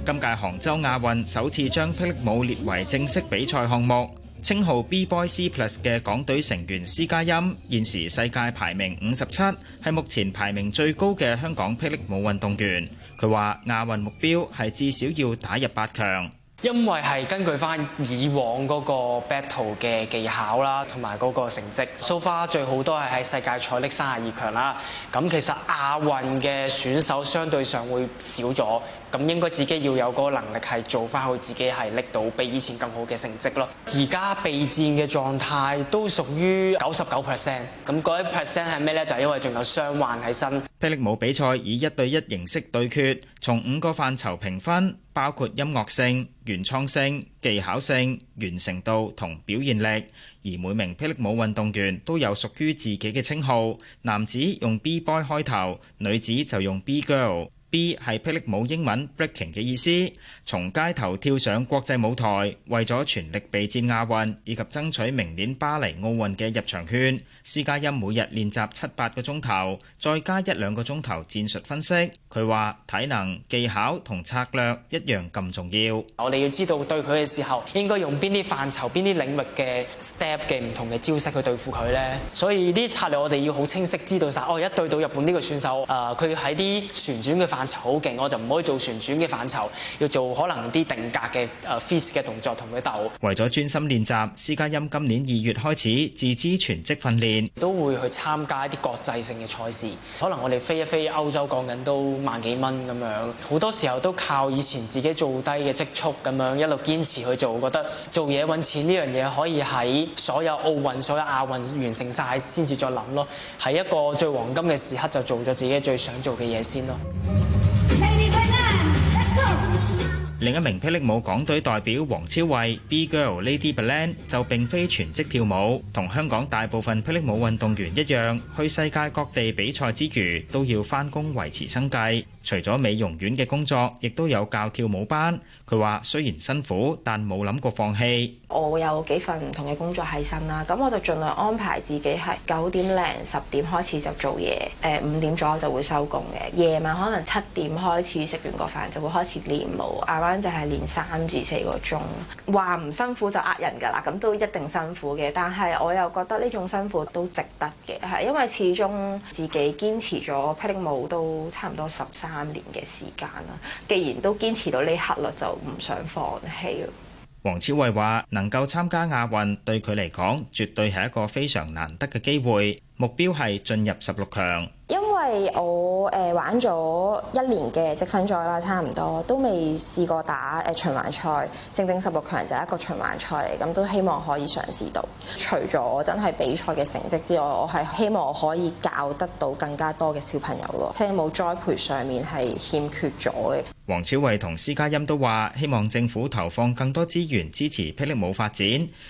今屆杭州亞運首次將霹靂舞列為正式比賽項目。稱號 B-Boy C+ 嘅港隊成員施嘉欣，現時世界排名五十七，係目前排名最高嘅香港霹靂舞運動員。佢話亞運目標係至少要打入八強。因為係根據翻以往嗰個 battle 嘅技巧啦，同埋嗰個成績，蘇花最好都係喺世界賽歷三十二強啦。咁其實亞運嘅選手相對上會少咗。咁應該自己要有個能力係做翻好自己，係拎到比以前更好嘅成績咯。而家備戰嘅狀態都屬於九十九 percent，咁嗰一 percent 係咩呢？就係因為仲有傷患喺身。霹靂舞比賽以一對一形式對決，從五個範疇評分，包括音樂性、原創性、技巧性、完成度同表現力。而每名霹靂舞運動員都有屬於自己嘅稱號，男子用 B Boy 開頭，女子就用 B Girl。B 係霹靂舞英文 breaking 嘅意思，從街頭跳上國際舞台，為咗全力備戰亞運以及爭取明年巴黎奧運嘅入場券。施嘉欣每日練習七八個鐘頭，再加一兩個鐘頭戰術分析。佢話體能、技巧同策略一樣咁重要。我哋要知道對佢嘅時候應該用邊啲範疇、邊啲領域嘅 step 嘅唔同嘅招式去對付佢呢。所以呢啲策略我哋要好清晰知道晒：「哦，一對到日本呢個選手，誒佢喺啲旋轉嘅範疇好勁，我就唔可以做旋轉嘅範疇，要做可能啲定格嘅誒 fist 嘅動作同佢鬥。」為咗專心練習，施嘉欣今年二月開始自資全職訓練。都會去參加一啲國際性嘅賽事，可能我哋飛一飛歐洲，講緊都萬幾蚊咁樣，好多時候都靠以前自己做低嘅積蓄咁樣一路堅持去做，覺得做嘢揾錢呢樣嘢可以喺所有奧運、所有亞運完成晒先至再諗咯，喺一個最黃金嘅時刻就做咗自己最想做嘅嘢先咯。30, 5, 9, 另一名霹靂舞港隊代表黃超慧，B Girl Lady Blend 就並非全職跳舞，同香港大部分霹靂舞運動員一樣，去世界各地比賽之餘，都要返工維持生計。除咗美容院嘅工作，亦都有教跳舞班。佢話雖然辛苦，但冇諗過放棄。我有幾份唔同嘅工作喺身啦，咁我就盡量安排自己係九點零十點開始就做嘢，誒五點左右就會收工嘅。夜晚可能七點開始食完個飯就會開始練舞，挨晚就係練三至四個鐘。話唔辛苦就呃人噶啦，咁都一定辛苦嘅。但係我又覺得呢種辛苦都值得嘅，係因為始終自己堅持咗霹靂舞都差唔多十三。三年嘅時間啦，既然都堅持到呢刻啦，就唔想放棄。黃超慧話：能夠參加亞運，對佢嚟講，絕對係一個非常難得嘅機會。目標係進入十六強。因為我誒、呃、玩咗一年嘅積分賽啦，差唔多都未試過打誒、呃、循環賽。正正十六強就係一個循環賽嚟，咁都希望可以嘗試到。除咗真係比賽嘅成績之外，我係希望我可以教得到更加多嘅小朋友咯。希望栽培上面係欠缺咗嘅。黃超慧同施嘉欣都話：希望政府投放更多資源支持霹靂舞發展，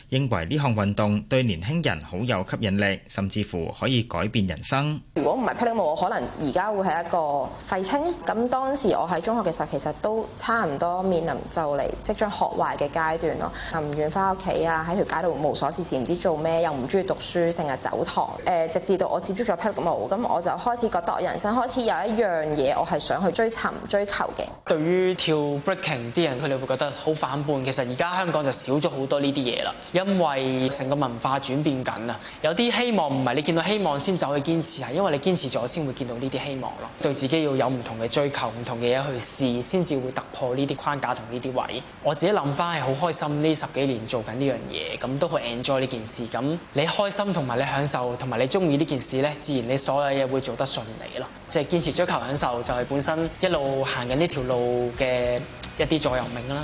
認為呢項運動對年輕人好有吸引力，甚至乎可以改變人生。如果唔係霹靂舞，我可能而家會係一個廢青。咁當時我喺中學嘅時候，其實都差唔多面臨就嚟即將學壞嘅階段咯，唔願翻屋企啊，喺條街度無所事事，唔知做咩，又唔中意讀書，成日走堂。誒，直至到我接觸咗霹靂舞，咁我就開始覺得人生開始有一樣嘢我係想去追尋追求嘅。對於跳 breaking 啲人，佢哋會覺得好反叛。其實而家香港就少咗好多呢啲嘢啦，因為成個文化轉變緊啊。有啲希望唔係你見到希望先走去堅持，係因為你堅持咗先會見到呢啲希望咯。對自己要有唔同嘅追求，唔同嘅嘢去試，先至會突破呢啲框架同呢啲位。我自己諗翻係好開心呢十幾年做緊呢樣嘢，咁都好 enjoy 呢件事。咁你開心同埋你享受同埋你中意呢件事呢，自然你所有嘢會做得順利咯。即係堅持追求享受，就係本身一路行緊呢條路嘅一啲座右銘啦。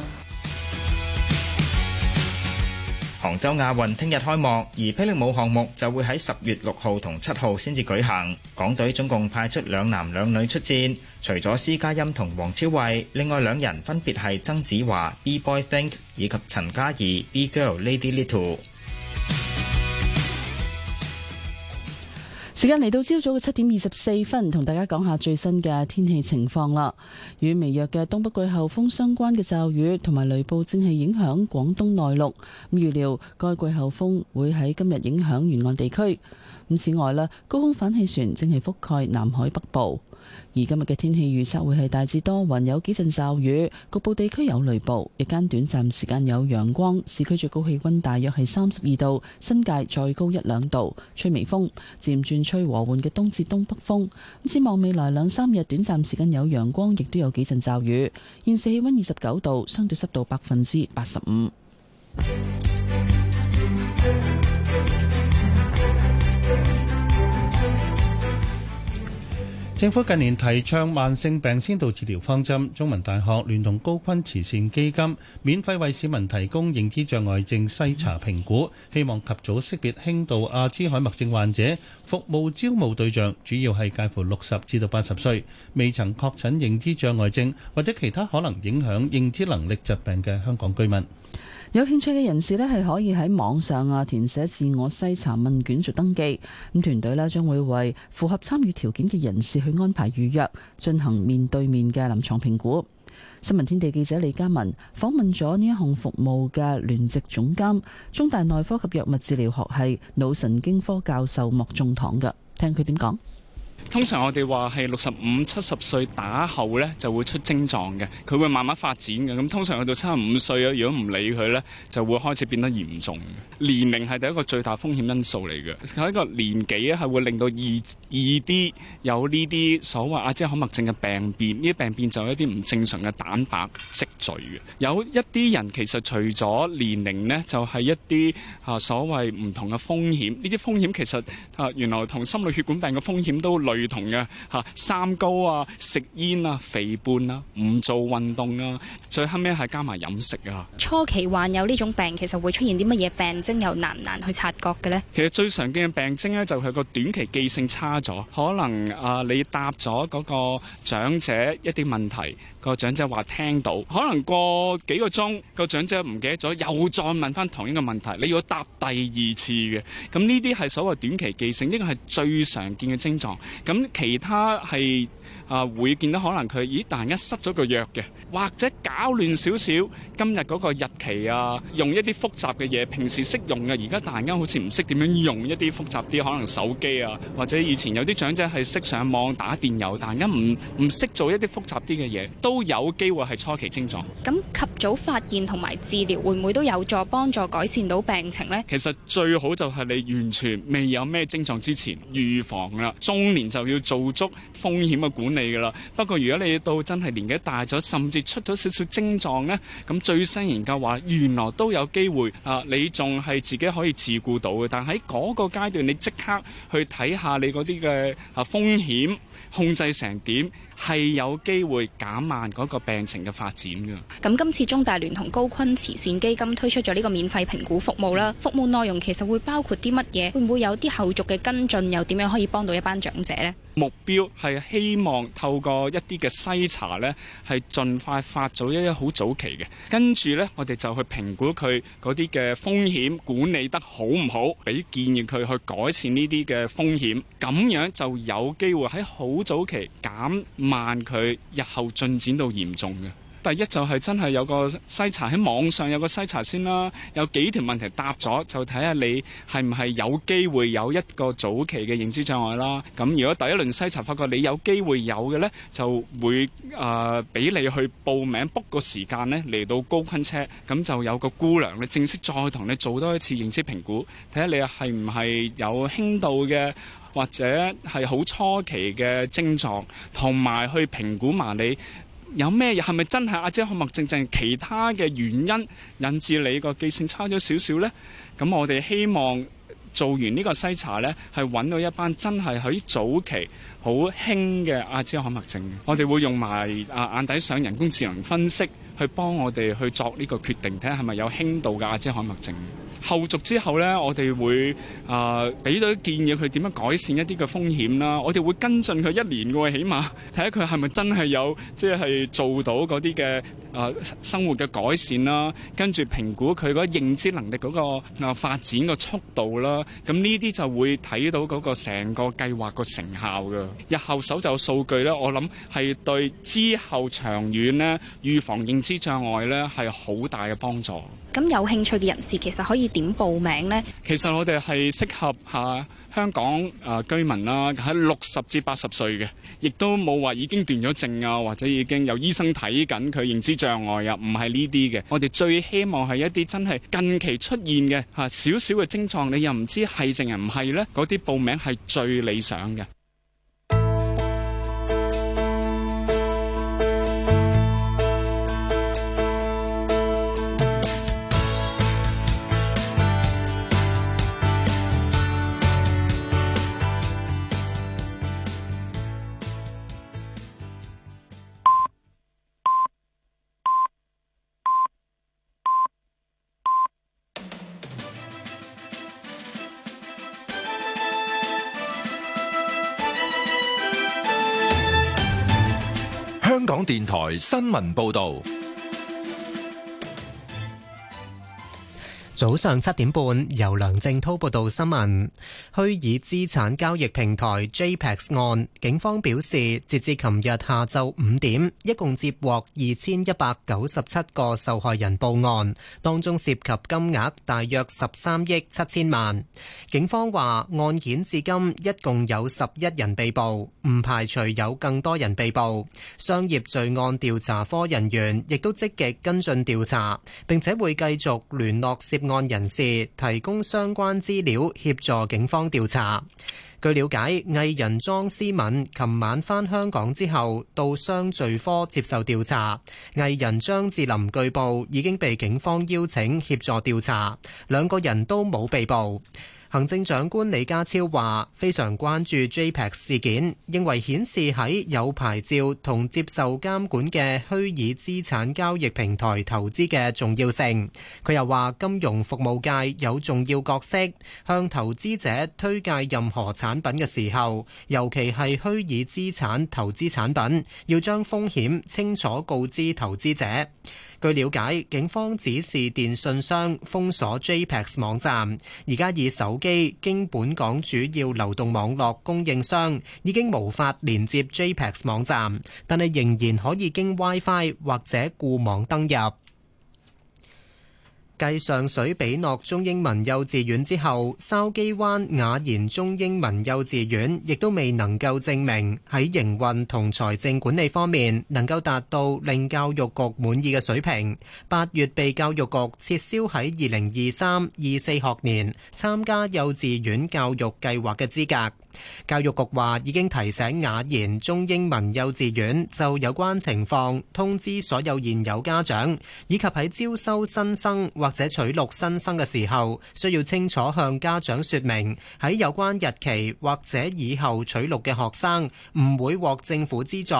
杭州亞運聽日開幕，而霹靂舞項目就會喺十月六號同七號先至舉行。港隊總共派出兩男兩女出戰，除咗施嘉欣同黃超慧，另外兩人分別係曾子華 B Boy Think 以及陳嘉怡 B Girl Lady Little。時間嚟到朝早嘅七點二十四分，同大家講下最新嘅天氣情況啦。與微弱嘅東北季候風相關嘅驟雨同埋雷暴正係影響廣東內陸。咁預料該季候風會喺今日影響沿岸地區。咁此外咧，高空反氣旋正係覆蓋南海北部。而今日嘅天氣預測會係大致多雲，有幾陣驟雨，局部地區有雷暴，日間短暫時間有陽光。市區最高氣溫大約係三十二度，新界再高一兩度，吹微風，漸轉吹和緩嘅東至東北風。展望未來兩三日短暫時間有陽光，亦都有幾陣驟雨。現時氣溫二十九度，相對濕度百分之八十五。 [music] 政府近年提倡慢性病先導治療方針，中文大學聯同高坤慈善基金免費為市民提供認知障礙症篩查評估，希望及早識別輕度阿茲海默症患者。服務招募對象主要係介乎六十至到八十歲，未曾確診認知障礙症或者其他可能影響認知能力疾病嘅香港居民。有興趣嘅人士咧，係可以喺網上啊，填寫自我篩查問卷做登記。咁團隊咧，將會為符合參與條件嘅人士去安排預約，進行面對面嘅臨床評估。新聞天地記者李嘉文訪問咗呢一項服務嘅聯席總監、中大內科及藥物治療學系腦神經科教授莫仲棠嘅，聽佢點講。通常我哋話係六十五七十歲打後咧，就會出症狀嘅，佢會慢慢發展嘅。咁通常去到七十五歲啊，如果唔理佢咧，就會開始變得嚴重。年齡係第一個最大風險因素嚟嘅，係一個年紀咧，係會令到易易啲有呢啲所謂阿茲海默症嘅病變。呢啲病變就係一啲唔正常嘅蛋白積聚嘅。有一啲人其實除咗年齡咧，就係、是、一啲啊所謂唔同嘅風險。呢啲風險其實啊原來同心腦血管病嘅風險都類如同嘅嚇三高啊、食煙啊、肥胖啊、唔做運動啊，最後尾係加埋飲食啊。初期患有呢種病，其實會出現啲乜嘢病徵，又難唔難去察覺嘅咧？其實最常見嘅病徵咧、啊，就係個短期記性差咗，可能啊你答咗嗰個長者一啲問題。個長者話聽到，可能過幾個鐘，個長者唔記得咗，又再問翻同一個問題，你要答第二次嘅，咁呢啲係所謂短期記性，呢個係最常見嘅症狀，咁其他係。啊，會見到可能佢，咦？突然間失咗個藥嘅，或者搞亂少少今日嗰個日期啊，用一啲複雜嘅嘢，平時識用嘅，而家突然間好似唔識點樣用一啲複雜啲，可能手機啊，或者以前有啲長者係識上網打電郵，突然間唔唔識做一啲複雜啲嘅嘢，都有機會係初期症狀。咁及早發現同埋治療，會唔會都有助幫助改善到病情呢？其實最好就係你完全未有咩症狀之前預防啦。中年就要做足風險嘅管理。不過，如果你到真係年紀大咗，甚至出咗少少症狀呢，咁最新研究話，原來都有機會啊！你仲係自己可以自顧到嘅，但喺嗰個階段，你即刻去睇下你嗰啲嘅啊風險控制成點。係有機會減慢嗰個病情嘅發展㗎。咁今次中大聯同高坤慈善基金推出咗呢個免費評估服務啦，服務內容其實會包括啲乜嘢？會唔會有啲後續嘅跟進？又點樣可以幫到一班長者呢？目標係希望透過一啲嘅篩查呢，係盡快發早一一好早期嘅。跟住呢，我哋就去評估佢嗰啲嘅風險管理得好唔好，俾建議佢去改善呢啲嘅風險。咁樣就有機會喺好早期減。慢佢，日後進展到嚴重嘅。第一就係真係有個篩查喺網上，有個篩查先啦。有幾條問題答咗，就睇下你係唔係有機會有一個早期嘅認知障礙啦。咁如果第一輪篩查發覺你有機會有嘅咧，就會誒俾你去報名 book 個時間咧，嚟到高錕車，咁就有個姑娘咧正式再同你做多一次認知評估，睇下你係唔係有輕度嘅。或者係好初期嘅症狀，同埋去評估埋你有咩嘢，係咪真係阿茲海默症症，其他嘅原因引致你個記性差咗少少呢？咁我哋希望做完呢個篩查呢，係揾到一班真係喺早期好輕嘅阿茲海默症。我哋會用埋啊眼底上人工智能分析。去幫我哋去作呢個決定，睇下係咪有輕度嘅阿茲海默症。後續之後咧，我哋會誒俾到建議佢點樣改善一啲嘅風險啦。我哋會跟進佢一年嘅，起碼睇下佢係咪真係有即係做到嗰啲嘅誒生活嘅改善啦。跟住評估佢嗰個認知能力嗰個啊發展個速度啦。咁呢啲就會睇到嗰個成個計劃個成效嘅。日後蒐集數據咧，我諗係對之後長遠咧預防認啲障礙咧係好大嘅幫助。咁有興趣嘅人士其實可以點報名呢？其實我哋係適合嚇、啊、香港啊、呃、居民啦，喺六十至八十歲嘅，亦都冇話已經斷咗症啊，或者已經有醫生睇緊佢認知障礙啊，唔係呢啲嘅。我哋最希望係一啲真係近期出現嘅嚇少少嘅症狀，你又唔知係症係唔係呢？嗰啲報名係最理想嘅。香港電台新聞報道。早上七點半，由梁正濤報道新聞。虛擬資產交易平台 JPEX 案，警方表示，截至琴日下晝五點，一共接獲二千一百九十七個受害人報案，當中涉及金額大約十三億七千萬。警方話，案件至今一共有十一人被捕，唔排除有更多人被捕。商業罪案調查科人員亦都積極跟進調查，並且會繼續聯絡涉案。案人士提供相關資料協助警方調查。據了解，藝人莊思敏琴晚返香港之後到商罪科接受調查。藝人張智霖據報已經被警方邀請協助調查，兩個人都冇被捕。行政長官李家超話：非常關注 JPEX 事件，認為顯示喺有牌照同接受監管嘅虛擬資產交易平台投資嘅重要性。佢又話：金融服務界有重要角色，向投資者推介任何產品嘅時候，尤其係虛擬資產投資產品，要將風險清楚告知投資者。據了解，警方指示電信商封鎖 JPEX 網站，而家以手機經本港主要流動網絡供應商已經無法連接 JPEX 網站，但係仍然可以經 WiFi 或者固網登入。繼上水比諾中英文幼稚園之後，筲箕灣雅賢中英文幼稚園亦都未能夠證明喺營運同財政管理方面能夠達到令教育局滿意嘅水平，八月被教育局撤銷喺二零二三二四學年參加幼稚園教育計劃嘅資格。教育局話已經提醒雅言中英文幼稚園就有關情況通知所有現有家長，以及喺招收新生或者取錄新生嘅時候，需要清楚向家長說明。喺有關日期或者以後取錄嘅學生唔會獲政府資助，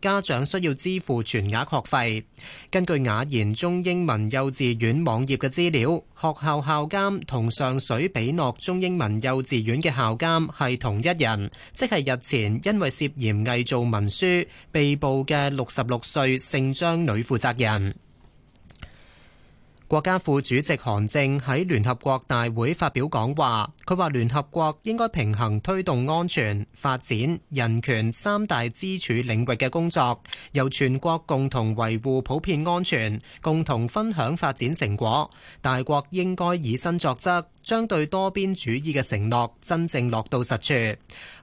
家長需要支付全額學費。根據雅言中英文幼稚園網頁嘅資料，學校校監同上水比諾中英文幼稚園嘅校監係同一一人，即係日前因為涉嫌偽造文書被捕嘅六十六歲姓張女負責人。國家副主席韓正喺聯合國大會發表講話，佢話聯合國應該平衡推動安全、發展、人權三大支柱領域嘅工作，由全國共同維護普遍安全，共同分享發展成果。大國應該以身作則，將對多邊主義嘅承諾真正落到實處。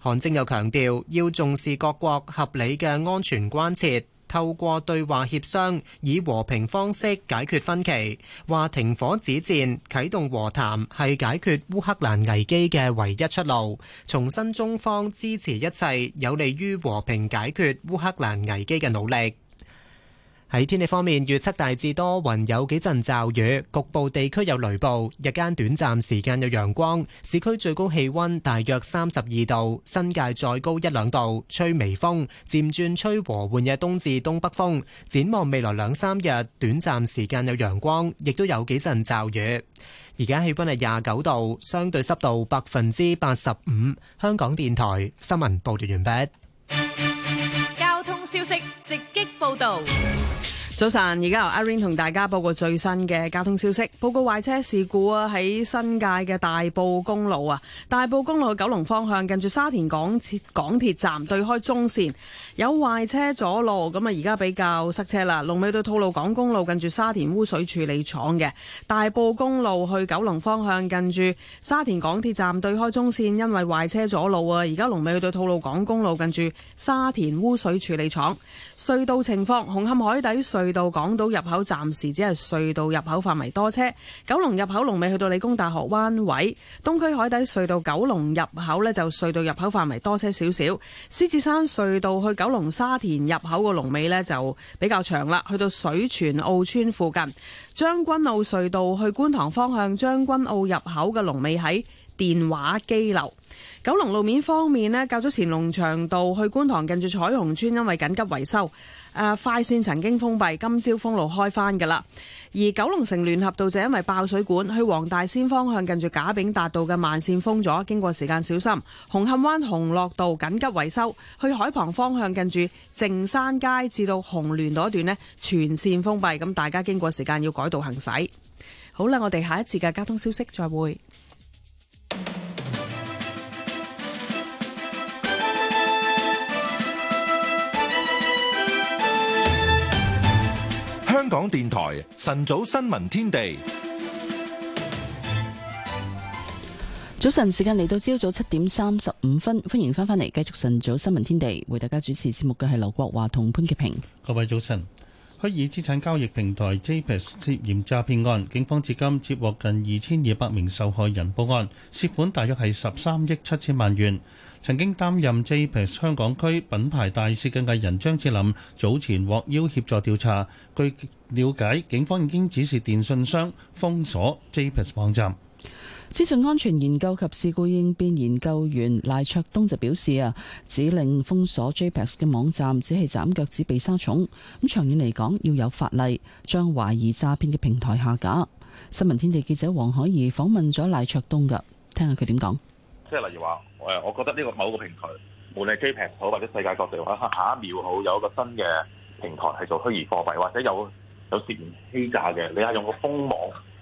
韓正又強調，要重視各國合理嘅安全關切。透過對話協商，以和平方式解決分歧，話停火止戰、啟動和談，係解決烏克蘭危機嘅唯一出路。重申中方支持一切有利於和平解決烏克蘭危機嘅努力。喺天氣方面，預測大致多雲，雲有幾陣驟雨，局部地區有雷暴，日間短暫時間有陽光。市區最高氣溫大約三十二度，新界再高一兩度，吹微風，漸轉吹和緩嘅東至東北風。展望未來兩三日，短暫時間有陽光，亦都有幾陣驟雨。而家氣溫係廿九度，相對濕度百分之八十五。香港電台新聞報道完畢。交通消息直擊報道。早晨，而家由阿 rain 同大家報告最新嘅交通消息。報告壞車事故啊，喺新界嘅大埔公路啊，大埔公路九龍方向近住沙田港鐵站對開中線。有壞車阻路，咁啊而家比較塞車啦。龍尾到吐露港公路近住沙田污水處理廠嘅大埔公路去九龍方向，近住沙田港鐵站對開中線，因為壞車阻路啊！而家龍尾去到吐露港公路近住沙田污水處理廠隧道情況，紅磡海底隧道港島入口暫時只係隧道入口範圍多車。九龍入口龍尾去到理工大學灣位，東區海底隧道九龍入口呢，就隧道入口範圍多車少少。獅子山隧道去。九龍沙田入口個龍尾呢就比較長啦，去到水泉澳村附近，將軍澳隧道去觀塘方向將軍澳入口嘅龍尾喺電話機樓。九龍路面方面咧，較早前龍翔道去觀塘近住彩虹村，因為緊急維修。誒、啊，快線曾經封閉，今朝封路開返噶啦。而九龍城聯合道就因為爆水管，去黃大仙方向近住賈炳達道嘅慢線封咗，經過時間小心。紅磡灣紅樂道緊急維修，去海旁方向近住靜山街至到紅聯嗰段呢全線封閉，咁大家經過時間要改道行駛。好啦，我哋下一次嘅交通消息再會。香港電台晨早新聞天地，早晨時間嚟到，朝早七點三十五分，歡迎翻返嚟，繼續晨早新聞天地。為大家主持節目嘅係劉國華同潘潔平。各位早晨。虛擬資產交易平台 JPS 涉嫌詐騙案，警方至今接獲近二千二百名受害人報案，涉款大約係十三億七千萬元。曾經擔任 JPEX 香港區品牌大使嘅藝人張智霖早前獲邀協助調查。據了解，警方已經指示電信商封鎖 JPEX 網站。資訊安全研究及事故應變研究員賴卓東就表示：啊，指令封鎖 JPEX 嘅網站只係斬腳趾避沙蟲。咁長遠嚟講，要有法例將懷疑詐騙嘅平台下架。新聞天地記者黃海怡訪問咗賴卓東噶，聽下佢點講。即係例如話。我覺得呢個某個平台，無論 JPEX 好或者世界各地，可能下一秒好有一個新嘅平台係做虛擬貨幣，或者有有涉嫌欺詐嘅，你係用個封網，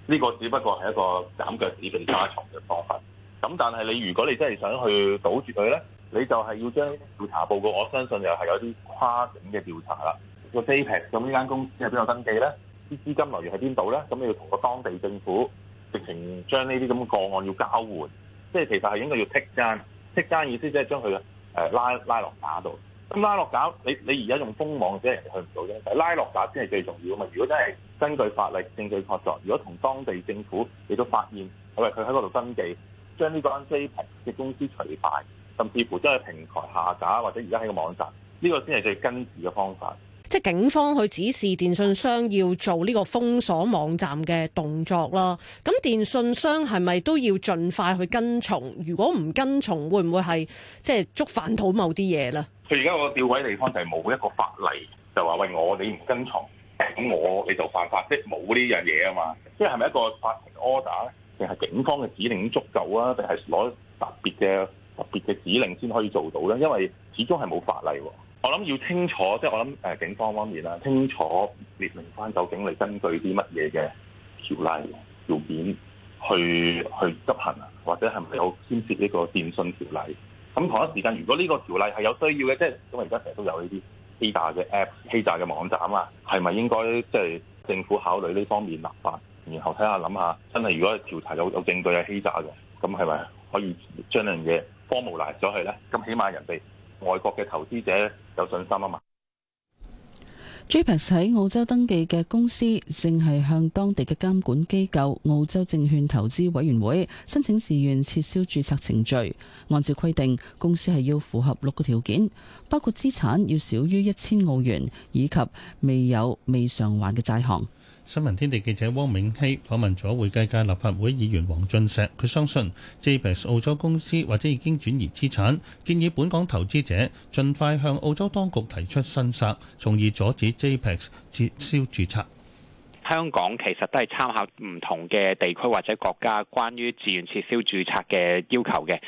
呢、這個只不過係一個斬腳趾避沙蟲嘅方法。咁但係你如果你真係想去堵住佢咧，你就係要將調查報告，我相信又係有啲跨境嘅調查啦。個 JPEX 咁呢間公司喺邊度登記咧？啲資金來源喺邊度咧？咁你要同個當地政府直情將呢啲咁個案要交換。即係其實係應該要 take down，take down 意思即係將佢誒拉拉落架度。咁拉落架，你你而家用封網只係人去唔到啫。拉落架先係最重要啊嘛！如果真係根據法例，證據確鑿，如果同當地政府你都發現，喂佢喺嗰度登記，將呢間 VPN 嘅公司取締，甚至乎即係平台下架，或者而家喺個網站，呢、這個先係最根治嘅方法。即係警方去指示電信商要做呢個封鎖網站嘅動作啦。咁電信商係咪都要盡快去跟從？如果唔跟從，會唔會係即係觸犯到某啲嘢咧？佢而家個吊詭地方就係冇一個法例，就話喂我你唔跟從，咁我你就犯法，即係冇呢樣嘢啊嘛。即係係咪一個法庭 order 咧，定係警方嘅指令足夠啊？定係攞特別嘅特別嘅指令先可以做到咧？因為始終係冇法例。我諗要清楚，即係我諗，誒，警方方面啦，清楚列明翻究竟你根據啲乜嘢嘅條例條件去去執行啊，或者係咪有牽涉呢個電訊條例？咁同一時間，如果呢個條例係有需要嘅，即係咁啊，而家成日都有呢啲欺詐嘅 app、欺詐嘅網站啊，係咪應該即係政府考慮呢方面立法，然後睇下諗下，真係如果調查有有證據係欺詐嘅，咁係咪可以將呢樣嘢科無賴咗去咧？咁起碼人哋。外國嘅投資者有信心啊嘛。JPEX 喺澳洲登記嘅公司正係向當地嘅監管機構澳洲證券投資委員會申請自願撤銷註冊程序。按照規定，公司係要符合六個條件，包括資產要少於一千澳元，以及未有未償還嘅債項。新聞天地記者汪永熙訪問咗會計界立法會議員黃俊碩，佢相信 JPEX 澳洲公司或者已經轉移資產，建議本港投資者盡快向澳洲當局提出申索，從而阻止 JPEX 撤銷註冊。香港其實都係參考唔同嘅地區或者國家關於自願撤銷註冊嘅要求嘅。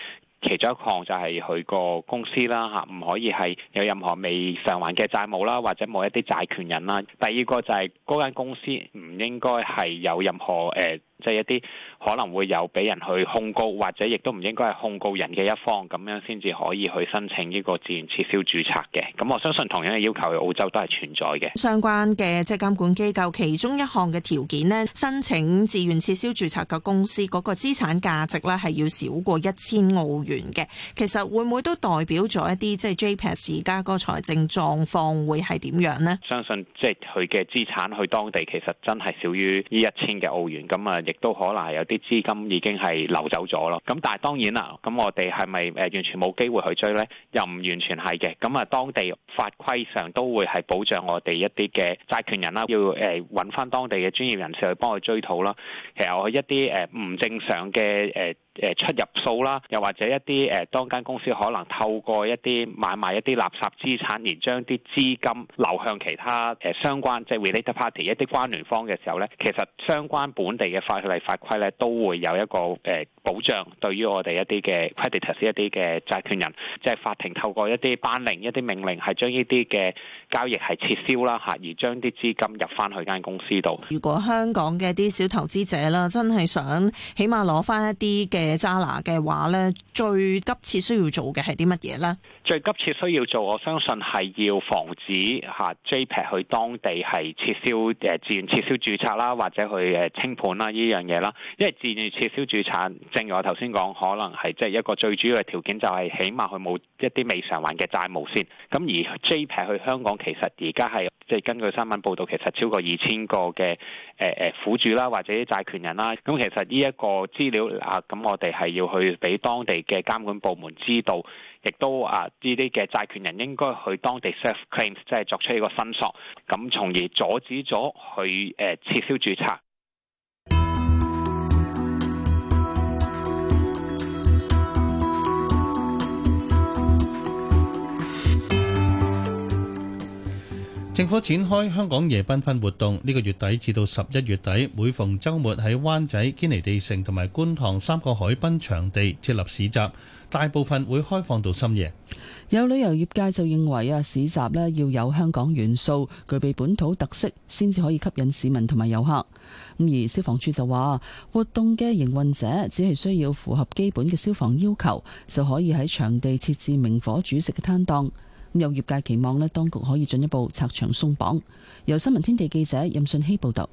其中一項就係佢個公司啦嚇，唔可以係有任何未償還嘅債務啦，或者冇一啲債權人啦。第二個就係嗰間公司唔應該係有任何誒，呃即係一啲可能會有俾人去控告，或者亦都唔應該係控告人嘅一方，咁樣先至可以去申請呢個自願撤銷註冊嘅。咁我相信同樣嘅要求澳洲都係存在嘅。相關嘅即係監管機構其中一項嘅條件咧，申請自願撤銷註冊嘅公司嗰個資產價值咧係要少過一千澳元嘅。其實會唔會都代表咗一啲即係 JPS 而家個財政狀況會係點樣咧？相信即係佢嘅資產去當地其實真係少於呢一千嘅澳元。咁啊？亦都可能係有啲資金已經係流走咗咯，咁但係當然啦，咁我哋係咪誒完全冇機會去追呢？又唔完全係嘅，咁啊當地法規上都會係保障我哋一啲嘅債權人啦，要誒搵返當地嘅專業人士去幫佢追討啦。其實我一啲誒唔正常嘅誒。誒出入數啦，又或者一啲誒當間公司可能透過一啲買賣一啲垃圾資產，而將啲資金流向其他誒相關即係、就是、related party 一啲關聯方嘅時候咧，其實相關本地嘅法律法規咧都會有一個誒。呃保障對於我哋一啲嘅 creditors 一啲嘅債權人，即係法庭透過一啲班令一啲命令，係將呢啲嘅交易係撤銷啦嚇，而將啲資金入翻去間公司度。如果香港嘅啲小投資者啦，真係想起碼攞翻一啲嘅渣拿嘅話咧，最急切需要做嘅係啲乜嘢咧？最急切需要做，我相信係要防止吓 JP 去當地係撤銷誒自願撤銷註冊啦，或者去誒清盤啦呢樣嘢啦。因為自願撤銷註冊正如我頭先講，可能係即係一個最主要嘅條件，就係起碼佢冇一啲未償還嘅債務先。咁而 JP 去香港，其實而家係即係根據新聞報道，其實超過二千個嘅誒誒苦主啦，呃、或者債權人啦。咁其實呢一個資料啊，咁我哋係要去俾當地嘅監管部門知道。亦都啊，呢啲嘅債權人應該去當地 self claims，即係作出一個申索，咁從而阻止咗佢誒撤銷注冊。政府展開香港夜繽紛活動，呢、這個月底至到十一月底，每逢周末喺灣仔、堅尼地城同埋觀塘三個海濱場地設立市集，大部分會開放到深夜。有旅遊業界就認為啊，市集咧要有香港元素，具備本土特色，先至可以吸引市民同埋遊客。咁而消防處就話，活動嘅營運者只係需要符合基本嘅消防要求，就可以喺場地設置明火煮食嘅攤檔。有業界期望咧，當局可以進一步拆牆鬆綁。由新聞天地記者任信希報導，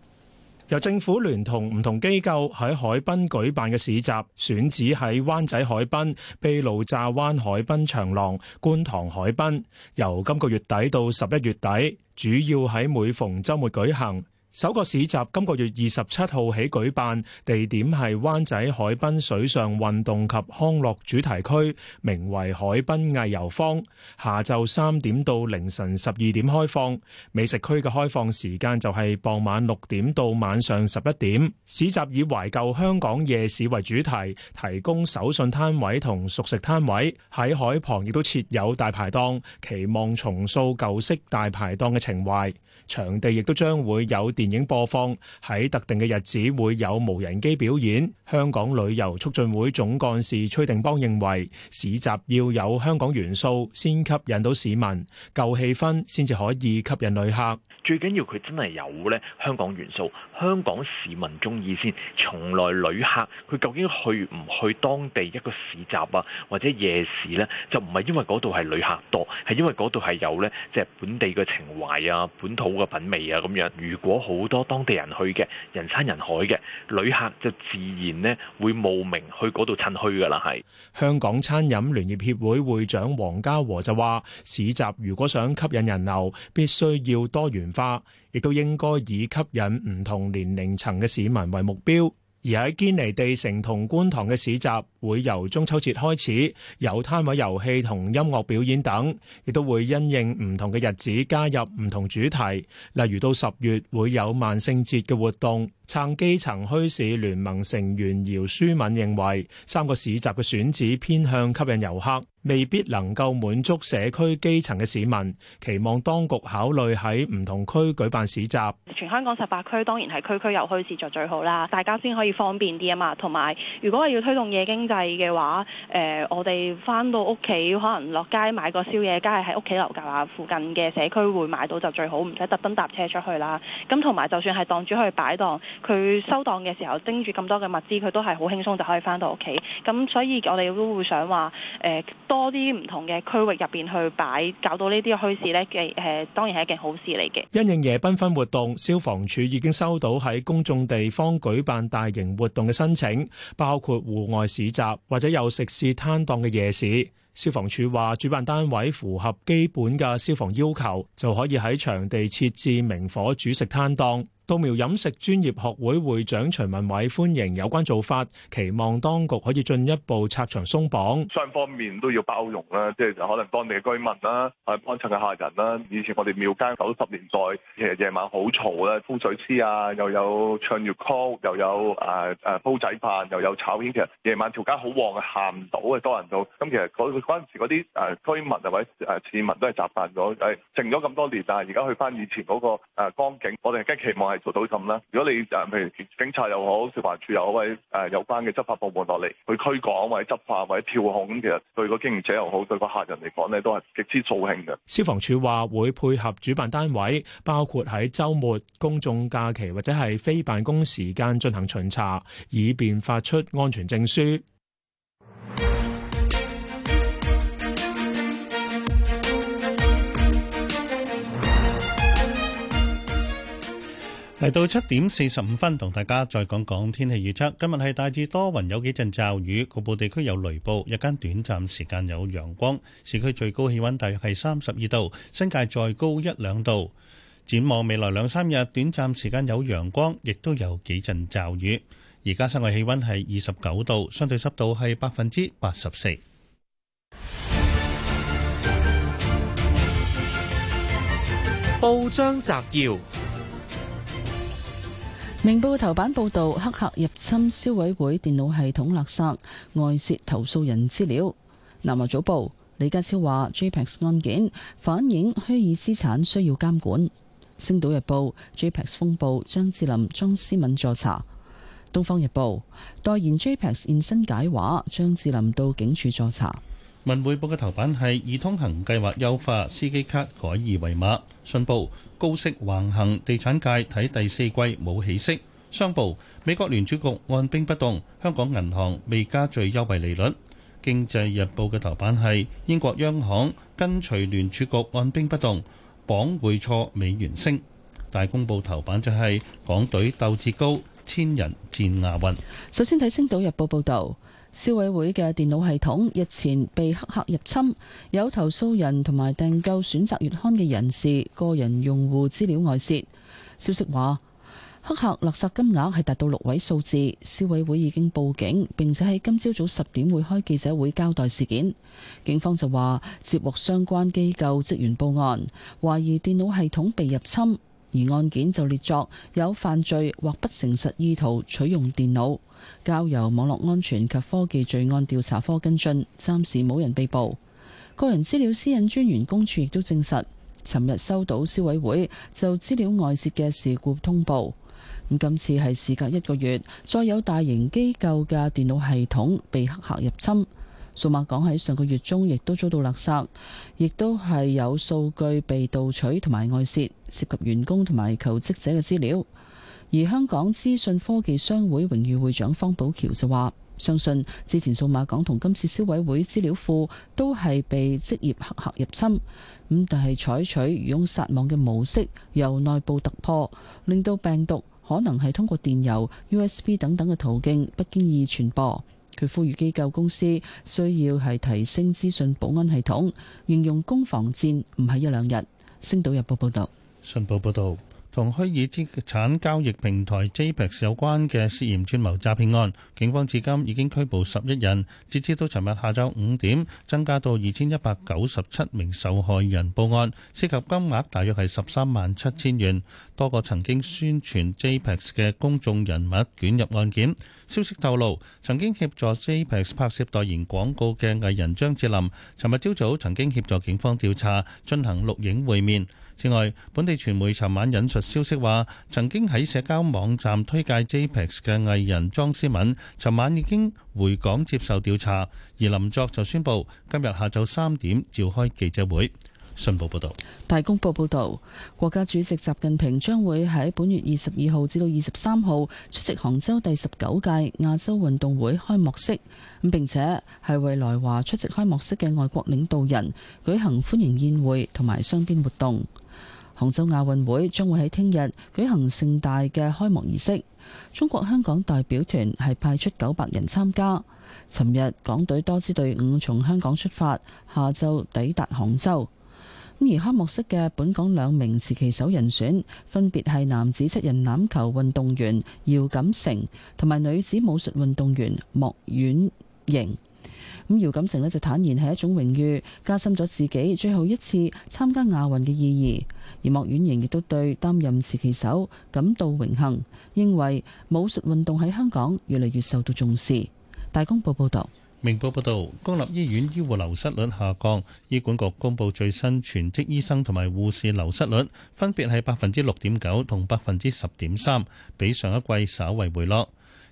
由政府聯同唔同機構喺海濱舉辦嘅市集，選址喺灣仔海濱、卑路乍灣海濱長廊、觀塘海濱，由今個月底到十一月底，主要喺每逢週末舉行。首個市集今個月二十七號起舉辦，地點係灣仔海濱水上運動及康樂主題區，名為海濱藝遊坊。下晝三點到凌晨十二點開放，美食區嘅開放時間就係傍晚六點到晚上十一點。市集以懷舊香港夜市為主題，提供手信攤位同熟食攤位，喺海旁亦都設有大排檔，期望重塑舊式大排檔嘅情懷。場地亦都將會有電影播放，喺特定嘅日子會有無人機表演。香港旅遊促進會總幹事崔定邦認為，市集要有香港元素先吸引到市民，夠氣氛先至可以吸引旅客。最緊要佢真係有咧香港元素，香港市民中意先。從來旅客佢究竟去唔去當地一個市集啊，或者夜市咧，就唔係因為嗰度係旅客多，係因為嗰度係有咧即係本地嘅情懷啊、本土嘅品味啊咁樣。如果好多當地人去嘅，人山人海嘅，旅客就自然咧會慕名去嗰度趁墟噶啦。係香港餐飲聯業協會會長黃家和就話：市集如果想吸引人流，必須要多元。亦都應該以吸引唔同年齡層嘅市民為目標，而喺堅尼地城同觀塘嘅市集，會由中秋節開始有攤位、遊戲同音樂表演等，亦都會因應唔同嘅日子加入唔同主題，例如到十月會有萬聖節嘅活動。撐基層墟市聯盟成員姚舒敏認為，三個市集嘅選址偏向吸引遊客，未必能夠滿足社區基層嘅市民。期望當局考慮喺唔同區舉辦市集。全香港十八區當然係區區有墟市就最好啦，大家先可以方便啲啊嘛。同埋，如果係要推動夜經濟嘅話，誒、呃，我哋翻到屋企可能落街買個宵夜街，梗係喺屋企樓下附近嘅社區會買到就最好，唔使特登搭車出去啦。咁同埋，就算係檔主去擺檔。佢收檔嘅時候拎住咁多嘅物資，佢都係好輕鬆就可以返到屋企。咁所以我哋都會想話誒、呃、多啲唔同嘅區域入邊去擺，搞到呢啲嘅墟市呢，嘅誒當然係一件好事嚟嘅。因應夜繽紛活動，消防處已經收到喺公眾地方舉辦大型活動嘅申請，包括戶外市集或者有食肆攤檔嘅夜市。消防處話，主辦單位符合基本嘅消防要求，就可以喺場地設置明火煮食攤檔。稻苗飲食專業學會會長徐文偉歡迎有關做法，期望當局可以進一步拆牆鬆綁。雙方面都要包容啦，即係可能當地嘅居民啦，啊幫襯嘅客人啦。以前我哋廟街九十年代其實夜晚好嘈啦，風水師啊，又有唱粵曲，又有啊啊煲仔飯，又有炒煙。其實夜晚條街好旺嘅，行唔到嘅，多人到。咁其實嗰嗰陣時嗰啲誒居民或者誒市民都係習慣咗誒靜咗咁多年，但係而家去翻以前嗰個誒光景，我哋更期望係。到咁啦！如果你誒譬如警察又好，消防署又好，或誒有關嘅執法部門落嚟去驅趕，或者執法，或者跳控，咁其實對個經營者又好，對個客人嚟講呢，都係極之掃興嘅。消防處話會配合主辦單位，包括喺週末、公眾假期或者係非辦公時間進行巡查，以便發出安全證書。嚟到七點四十五分，同大家再講講天氣預測。今日係大致多雲，有幾陣驟雨，局部地區有雷暴，日間短暫時間有陽光。市區最高氣溫大約係三十二度，新界再高一兩度。展望未來兩三日，短暫時間有陽光，亦都有幾陣驟雨。而家室外氣溫係二十九度，相對濕度係百分之八十四。報章摘要。明報頭版報道黑客入侵消委會電腦系統，垃圾，外泄投訴人資料。南華早報李家超話 JPEX 案件反映虛擬資產需要監管。星島日報 JPEX 風暴，張智霖、莊思敏助查。東方日報代言 JPEX 現身解話，張智霖到警署助查。文匯報嘅頭版係以通行計劃優化，司機卡改二維碼。信報。高息橫行，地產界睇第四季冇起色。商報：美國聯儲局按兵不動，香港銀行未加最優惠利率。經濟日報嘅頭版係英國央行跟隨聯儲局按兵不動，鎊匯挫美元升。大公報頭版就係、是、港隊鬥志高，千人戰亞運。首先睇《星島日報,報道》報導。消委會嘅電腦系統日前被黑客入侵，有投訴人同埋訂購選擇月刊嘅人士個人用戶資料外泄。消息話黑客勒索金額係達到六位數字。消委會已經報警，並且喺今朝早十點會開記者會交代事件。警方就話接獲相關機構職員報案，懷疑電腦系統被入侵。而案件就列作有犯罪或不誠實意圖取用電腦，交由網絡安全及科技罪案調查科跟進。暫時冇人被捕。個人資料私隱專員公署亦都證實，尋日收到消委會就資料外洩嘅事故通報。咁今次係事隔一個月，再有大型機構嘅電腦系統被黑客入侵。數碼港喺上個月中亦都遭到勒索，亦都係有數據被盜取同埋外泄，涉及員工同埋求職者嘅資料。而香港資訊科技商會榮譽會長方保僑就話：相信之前數碼港同今次消委會資料庫都係被職業黑客入侵，咁但係採取用撒網嘅模式，由內部突破，令到病毒可能係通過電郵、USB 等等嘅途徑不經意傳播。佢呼籲機構公司需要係提升資訊保安系統，應用攻防戰唔係一兩日。星島日報報道，信報報道。同虛擬資產交易平台 JPEX 有關嘅涉嫌串謀詐騙案，警方至今已經拘捕十一人。截至到尋日下晝五點，增加到二千一百九十七名受害人報案，涉及金額大約係十三萬七千元。多個曾經宣傳 JPEX 嘅公眾人物捲入案件。消息透露，曾經協助 JPEX 拍攝代言廣告嘅藝人張智霖，尋日朝早曾經協助警方調查，進行錄影會面。之外，本地傳媒尋晚引述消息話，曾經喺社交網站推介 JPEX 嘅藝人莊思敏，尋晚已經回港接受調查。而林作就宣布今日下晝三點召開記者會。信報報道：「大公報報道，國家主席習近平將會喺本月二十二號至到二十三號出席杭州第十九屆亞洲運動會開幕式，咁並且係為來華出席開幕式嘅外國領導人舉行歡迎宴會同埋雙邊活動。杭州亞運會將會喺聽日舉行盛大嘅開幕儀式。中國香港代表團係派出九百人參加。尋日，港隊多支隊伍從香港出發，下晝抵達杭州。咁而開幕式嘅本港兩名持旗手人選分別係男子七人欖球運動員姚錦成同埋女子武術運動員莫婉瑩，咁姚錦成咧就坦言係一種榮譽加深咗自己最後一次參加亞運嘅意義。而莫婉瑩亦都對擔任持旗手感到榮幸，認為武術運動喺香港越嚟越受到重視。大公報報道，明報報道，公立醫院醫護流失率下降，醫管局公布最新全職醫生同埋護士流失率，分別係百分之六點九同百分之十點三，比上一季稍為回落。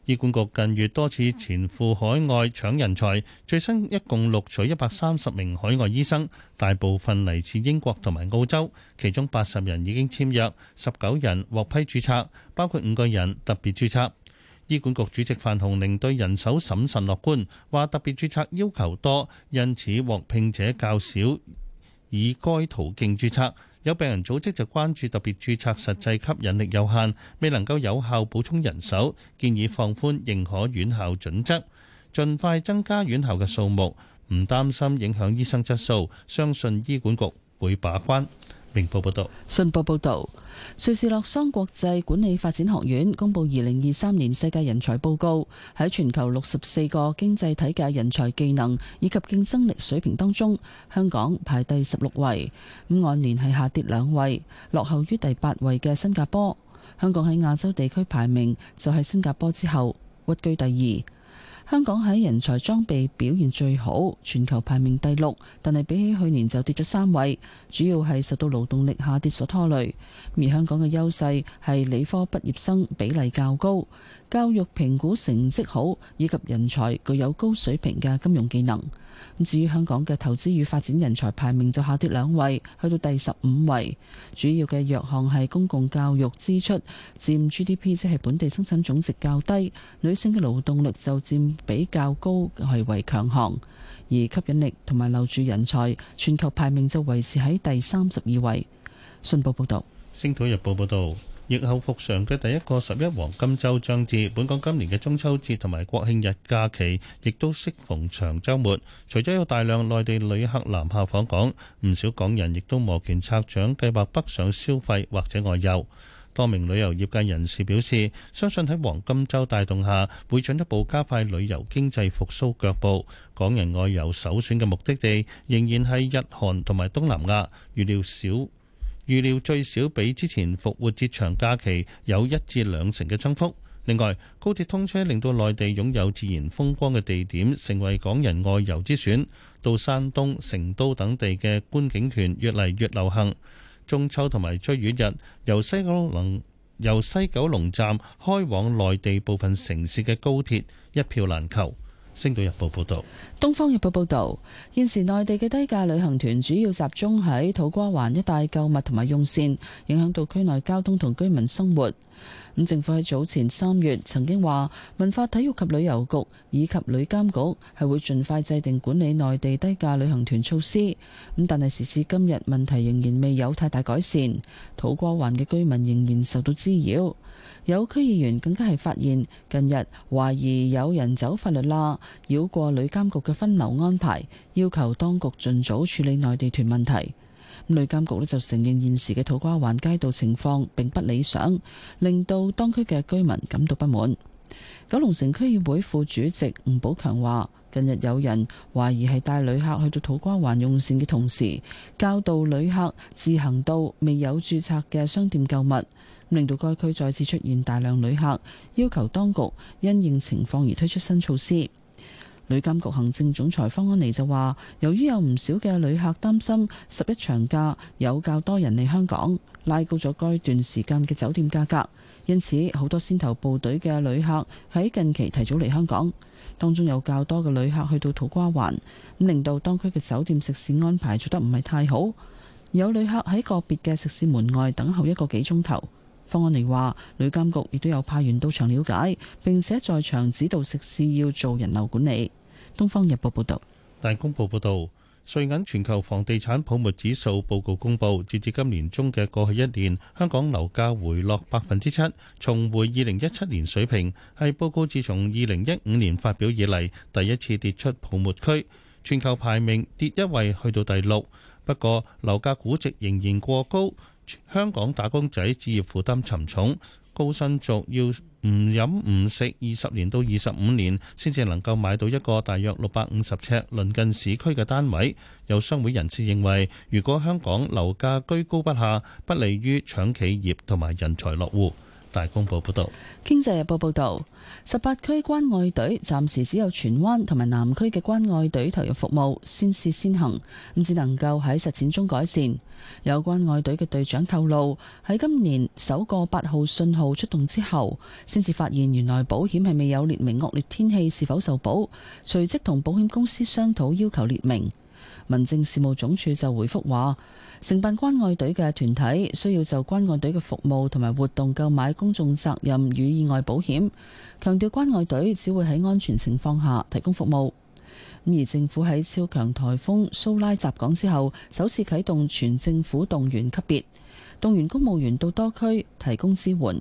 醫管局近月多次前赴海外搶人才，最新一共錄取一百三十名海外醫生，大部分嚟自英國同埋澳洲，其中八十人已經簽約，十九人獲批注冊，包括五個人特別注冊。醫管局主席范鴻齡對人手審慎樂觀，話特別注冊要求多，因此獲聘者較少，以該途徑注冊。有病人組織就關注特別註冊實際吸引力有限，未能夠有效補充人手，建議放寬認可院校準則，盡快增加院校嘅數目，唔擔心影響醫生質素，相信醫管局會把關。明報報道，信報報道，瑞士洛桑國際管理發展學院公布二零二三年世界人才報告，喺全球六十四個經濟體嘅人才技能以及競爭力水平當中，香港排第十六位，咁按年係下跌兩位，落後於第八位嘅新加坡。香港喺亞洲地區排名就係新加坡之後，屈居第二。香港喺人才裝備表現最好，全球排名第六，但係比起去年就跌咗三位，主要係受到勞動力下跌所拖累。而香港嘅優勢係理科畢業生比例較高，教育評估成績好，以及人才具有高水平嘅金融技能。至於香港嘅投資與發展人才排名就下跌兩位，去到第十五位。主要嘅弱項係公共教育支出佔 GDP 即係本地生產總值較低，女性嘅勞動力就佔比較高係為強項。而吸引力同埋留住人才全球排名就維持喺第三十二位。信報報道。《星島日報》報導。疫後復常嘅第一個十一黃金週將至，本港今年嘅中秋節同埋國慶日假期亦都適逢長週末，除咗有大量內地旅客南下訪港，唔少港人亦都摩拳擦掌計劃北上消費或者外遊。多名旅遊業界人士表示，相信喺黃金週帶動下，會進一步加快旅遊經濟復甦腳步。港人外遊首選嘅目的地仍然係日韓同埋東南亞，預料少。預料最少比之前復活節長假期有一至兩成嘅增幅。另外，高鐵通車令到內地擁有自然風光嘅地點成為港人外遊之選，到山東、成都等地嘅觀景團越嚟越流行。中秋同埋追月日，由西九龍由西九龍站開往內地部分城市嘅高鐵一票難求。星島日報報道，東方日報報道，現時內地嘅低價旅行團主要集中喺土瓜灣一帶購物同埋用膳，影響到區內交通同居民生活。咁政府喺早前三月曾經話，文化體育及旅遊局以及旅監局係會盡快制定管理內地低價旅行團措施。咁但係時至今日，問題仍然未有太大改善，土瓜灣嘅居民仍然受到滋擾。有區議員更加係發現，近日懷疑有人走法律罅，繞過旅監局嘅分流安排，要求當局盡早處理內地團問題。旅監局呢就承認現時嘅土瓜灣街道情況並不理想，令到當區嘅居民感到不滿。九龍城區議會副主席吳寶強話，近日有人懷疑係帶旅客去到土瓜灣用膳嘅同時，教導旅客自行到未有註冊嘅商店購物。令到該區再次出現大量旅客，要求當局因應情況而推出新措施。旅監局行政總裁方安妮就話，由於有唔少嘅旅客擔心十一長假有較多人嚟香港，拉高咗該段時間嘅酒店價格，因此好多先頭部隊嘅旅客喺近期提早嚟香港，當中有較多嘅旅客去到土瓜灣，令到當區嘅酒店食肆安排做得唔係太好，有旅客喺個別嘅食肆門外等候一個幾鐘頭。方安妮話旅監局亦都有派員到場了解，並且在場指導食肆要做人流管理。《東方日報》報道，《大公報》報道，《瑞銀全球房地產泡沫指數報告》公布，截至今年中嘅過去一年，香港樓價回落百分之七，重回二零一七年水平，係報告自從二零一五年發表以嚟第一次跌出泡沫區，全球排名跌一位去到第六。不過樓價估值仍然過高。香港打工仔置業負擔沉重，高薪族要唔飲唔食二十年到二十五年，先至能夠買到一個大約六百五十尺鄰近市區嘅單位。有商會人士認為，如果香港樓價居高不下，不利於搶企業同埋人才落戶。大公報報導。《經濟日報》報導，十八區關愛隊暫時只有荃灣同埋南區嘅關愛隊投入服務，先試先行，咁至能夠喺實踐中改善。有關愛隊嘅隊長透露，喺今年首個八號信號出動之後，先至發現原來保險係未有列明惡劣天氣是否受保，隨即同保險公司商討要求列明。民政事務總署就回覆話，承辦關愛隊嘅團體需要就關愛隊嘅服務同埋活動購買公眾責任與意外保險。強調關愛隊只會喺安全情況下提供服務。咁而政府喺超強颱風蘇拉襲港之後，首次啟動全政府動員級別，動員公務員到多區提供支援。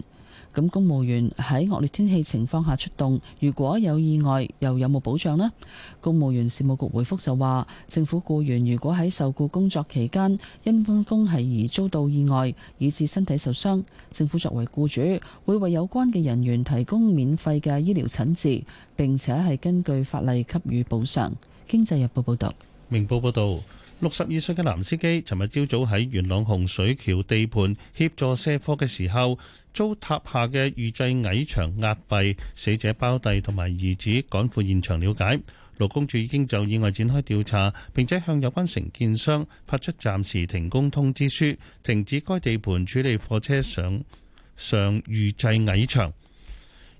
咁，公務員喺惡劣天氣情況下出動，如果有意外，又有冇保障呢？公務員事務局回覆就話，政府僱員如果喺受雇工作期間因公係而遭到意外，以致身體受傷，政府作為僱主會為有關嘅人員提供免費嘅醫療診治，並且係根據法例給予補償。經濟日報報道。明報報導。六十二歲嘅男司機，尋日朝早喺元朗洪水橋地盤協助卸貨嘅時候，遭塌下嘅預製矮牆壓斃。死者胞弟同埋兒子趕赴現場了解，勞工處已經就意外展開調查，並且向有關承建商發出暫時停工通知書，停止該地盤處理貨車上上預製矮牆。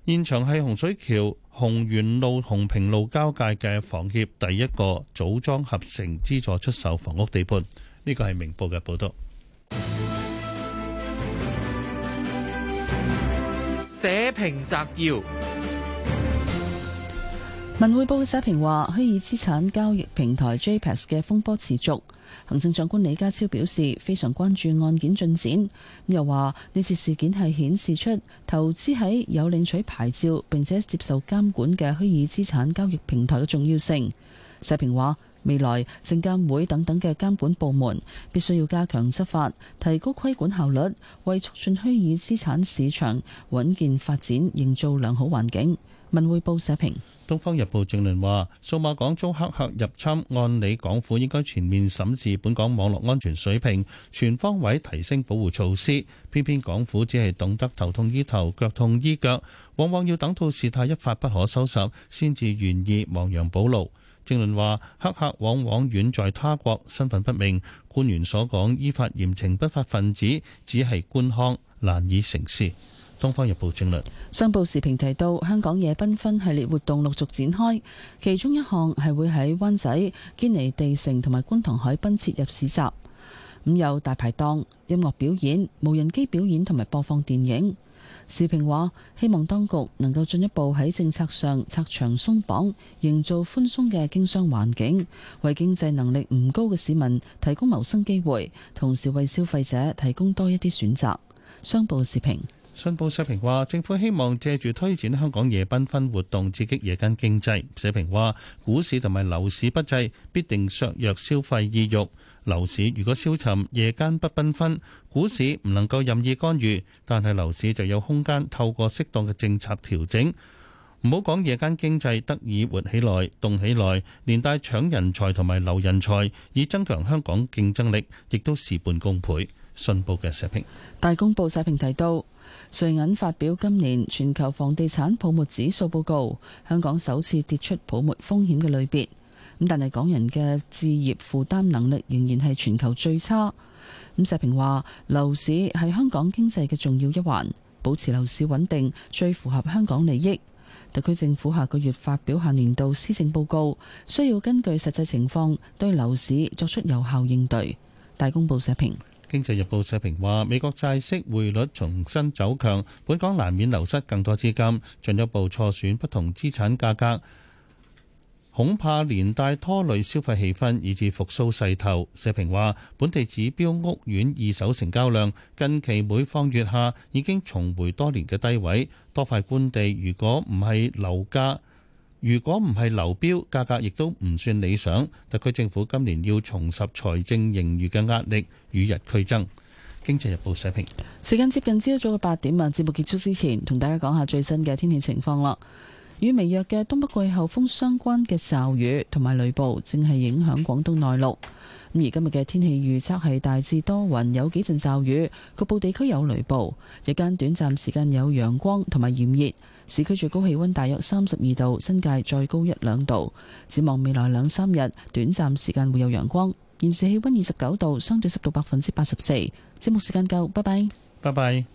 現場係洪水橋，洪元路、洪平路交界嘅房協第一個組裝合成資助出售房屋地盤，呢個係明報嘅報道。社評摘要：文匯報社評話，虛擬資產交易平台 JPEX 嘅風波持續。行政長官李家超表示非常關注案件進展，又話呢次事件係顯示出投資喺有領取牌照並且接受監管嘅虛擬資產交易平台嘅重要性。社評話，未來證監會等等嘅監管部門必須要加強執法，提高規管效率，為促進虛擬資產市場穩健發展營造良好環境。文匯報社評。《東方日報》正論話：數碼港中黑客入侵，按理港府應該全面審視本港網絡安全水平，全方位提升保護措施。偏偏港府只係懂得頭痛醫頭、腳痛醫腳，往往要等到事態一發不可收拾，先至願意亡羊補牢。正論話：黑客往往遠在他國，身份不明，官員所講依法嚴懲不法分子，只係官腔，難以成事。東方日報政略，商報時評提到，香港夜繽紛系列活動陸續展開，其中一項係會喺灣仔堅尼地城同埋觀塘海濱設入市集，咁有大排檔、音樂表演、無人機表演同埋播放電影。時評話，希望當局能夠進一步喺政策上拆牆鬆綁，營造寬鬆嘅經商環境，為經濟能力唔高嘅市民提供謀生機會，同時為消費者提供多一啲選擇。商報時評。信報社評話，政府希望借住推展香港夜繽紛活動，刺激夜間經濟。社評話，股市同埋樓市不濟，必定削弱消費意欲。樓市如果消沉，夜間不繽紛，股市唔能夠任意干預，但係樓市就有空間透過適當嘅政策調整。唔好講夜間經濟得以活起來、動起來，連帶搶人才同埋留人才，以增強香港競爭力，亦都事半功倍。信報嘅社評。大公報社評提到。瑞銀發表今年全球房地產泡沫指數報告，香港首次跌出泡沫風險嘅類別。咁但係港人嘅置業負擔能力仍然係全球最差。咁社評話：樓市係香港經濟嘅重要一環，保持樓市穩定最符合香港利益。特區政府下個月發表下年度施政報告，需要根據實際情況對樓市作出有效應對。大公報社評。經濟日報社評話：美國債息匯率重新走強，本港難免流失更多資金，進一步錯選不同資產價格，恐怕連帶拖累消費氣氛，以至復甦勢頭。社評話：本地指標屋苑二手成交量近期每況愈下，已經重回多年嘅低位。多塊官地如果唔係樓價，如果唔係流標，價格亦都唔算理想。特區政府今年要重拾財政盈餘嘅壓力與日俱增。經濟日報寫評。時間接近朝早嘅八點啊，節目結束之前，同大家講下最新嘅天氣情況啦。與微弱嘅東北季候風相關嘅驟雨同埋雷暴正，正係影響廣東內陸，咁而今日嘅天氣預測係大致多雲，有幾陣驟雨，局部地區有雷暴，日間短暫時間有陽光同埋炎熱。市區最高氣溫大約三十二度，新界再高一兩度。展望未來兩三日，短暫時間會有陽光。現時氣溫二十九度，相對濕度百分之八十四。節目時間夠，拜拜。拜拜。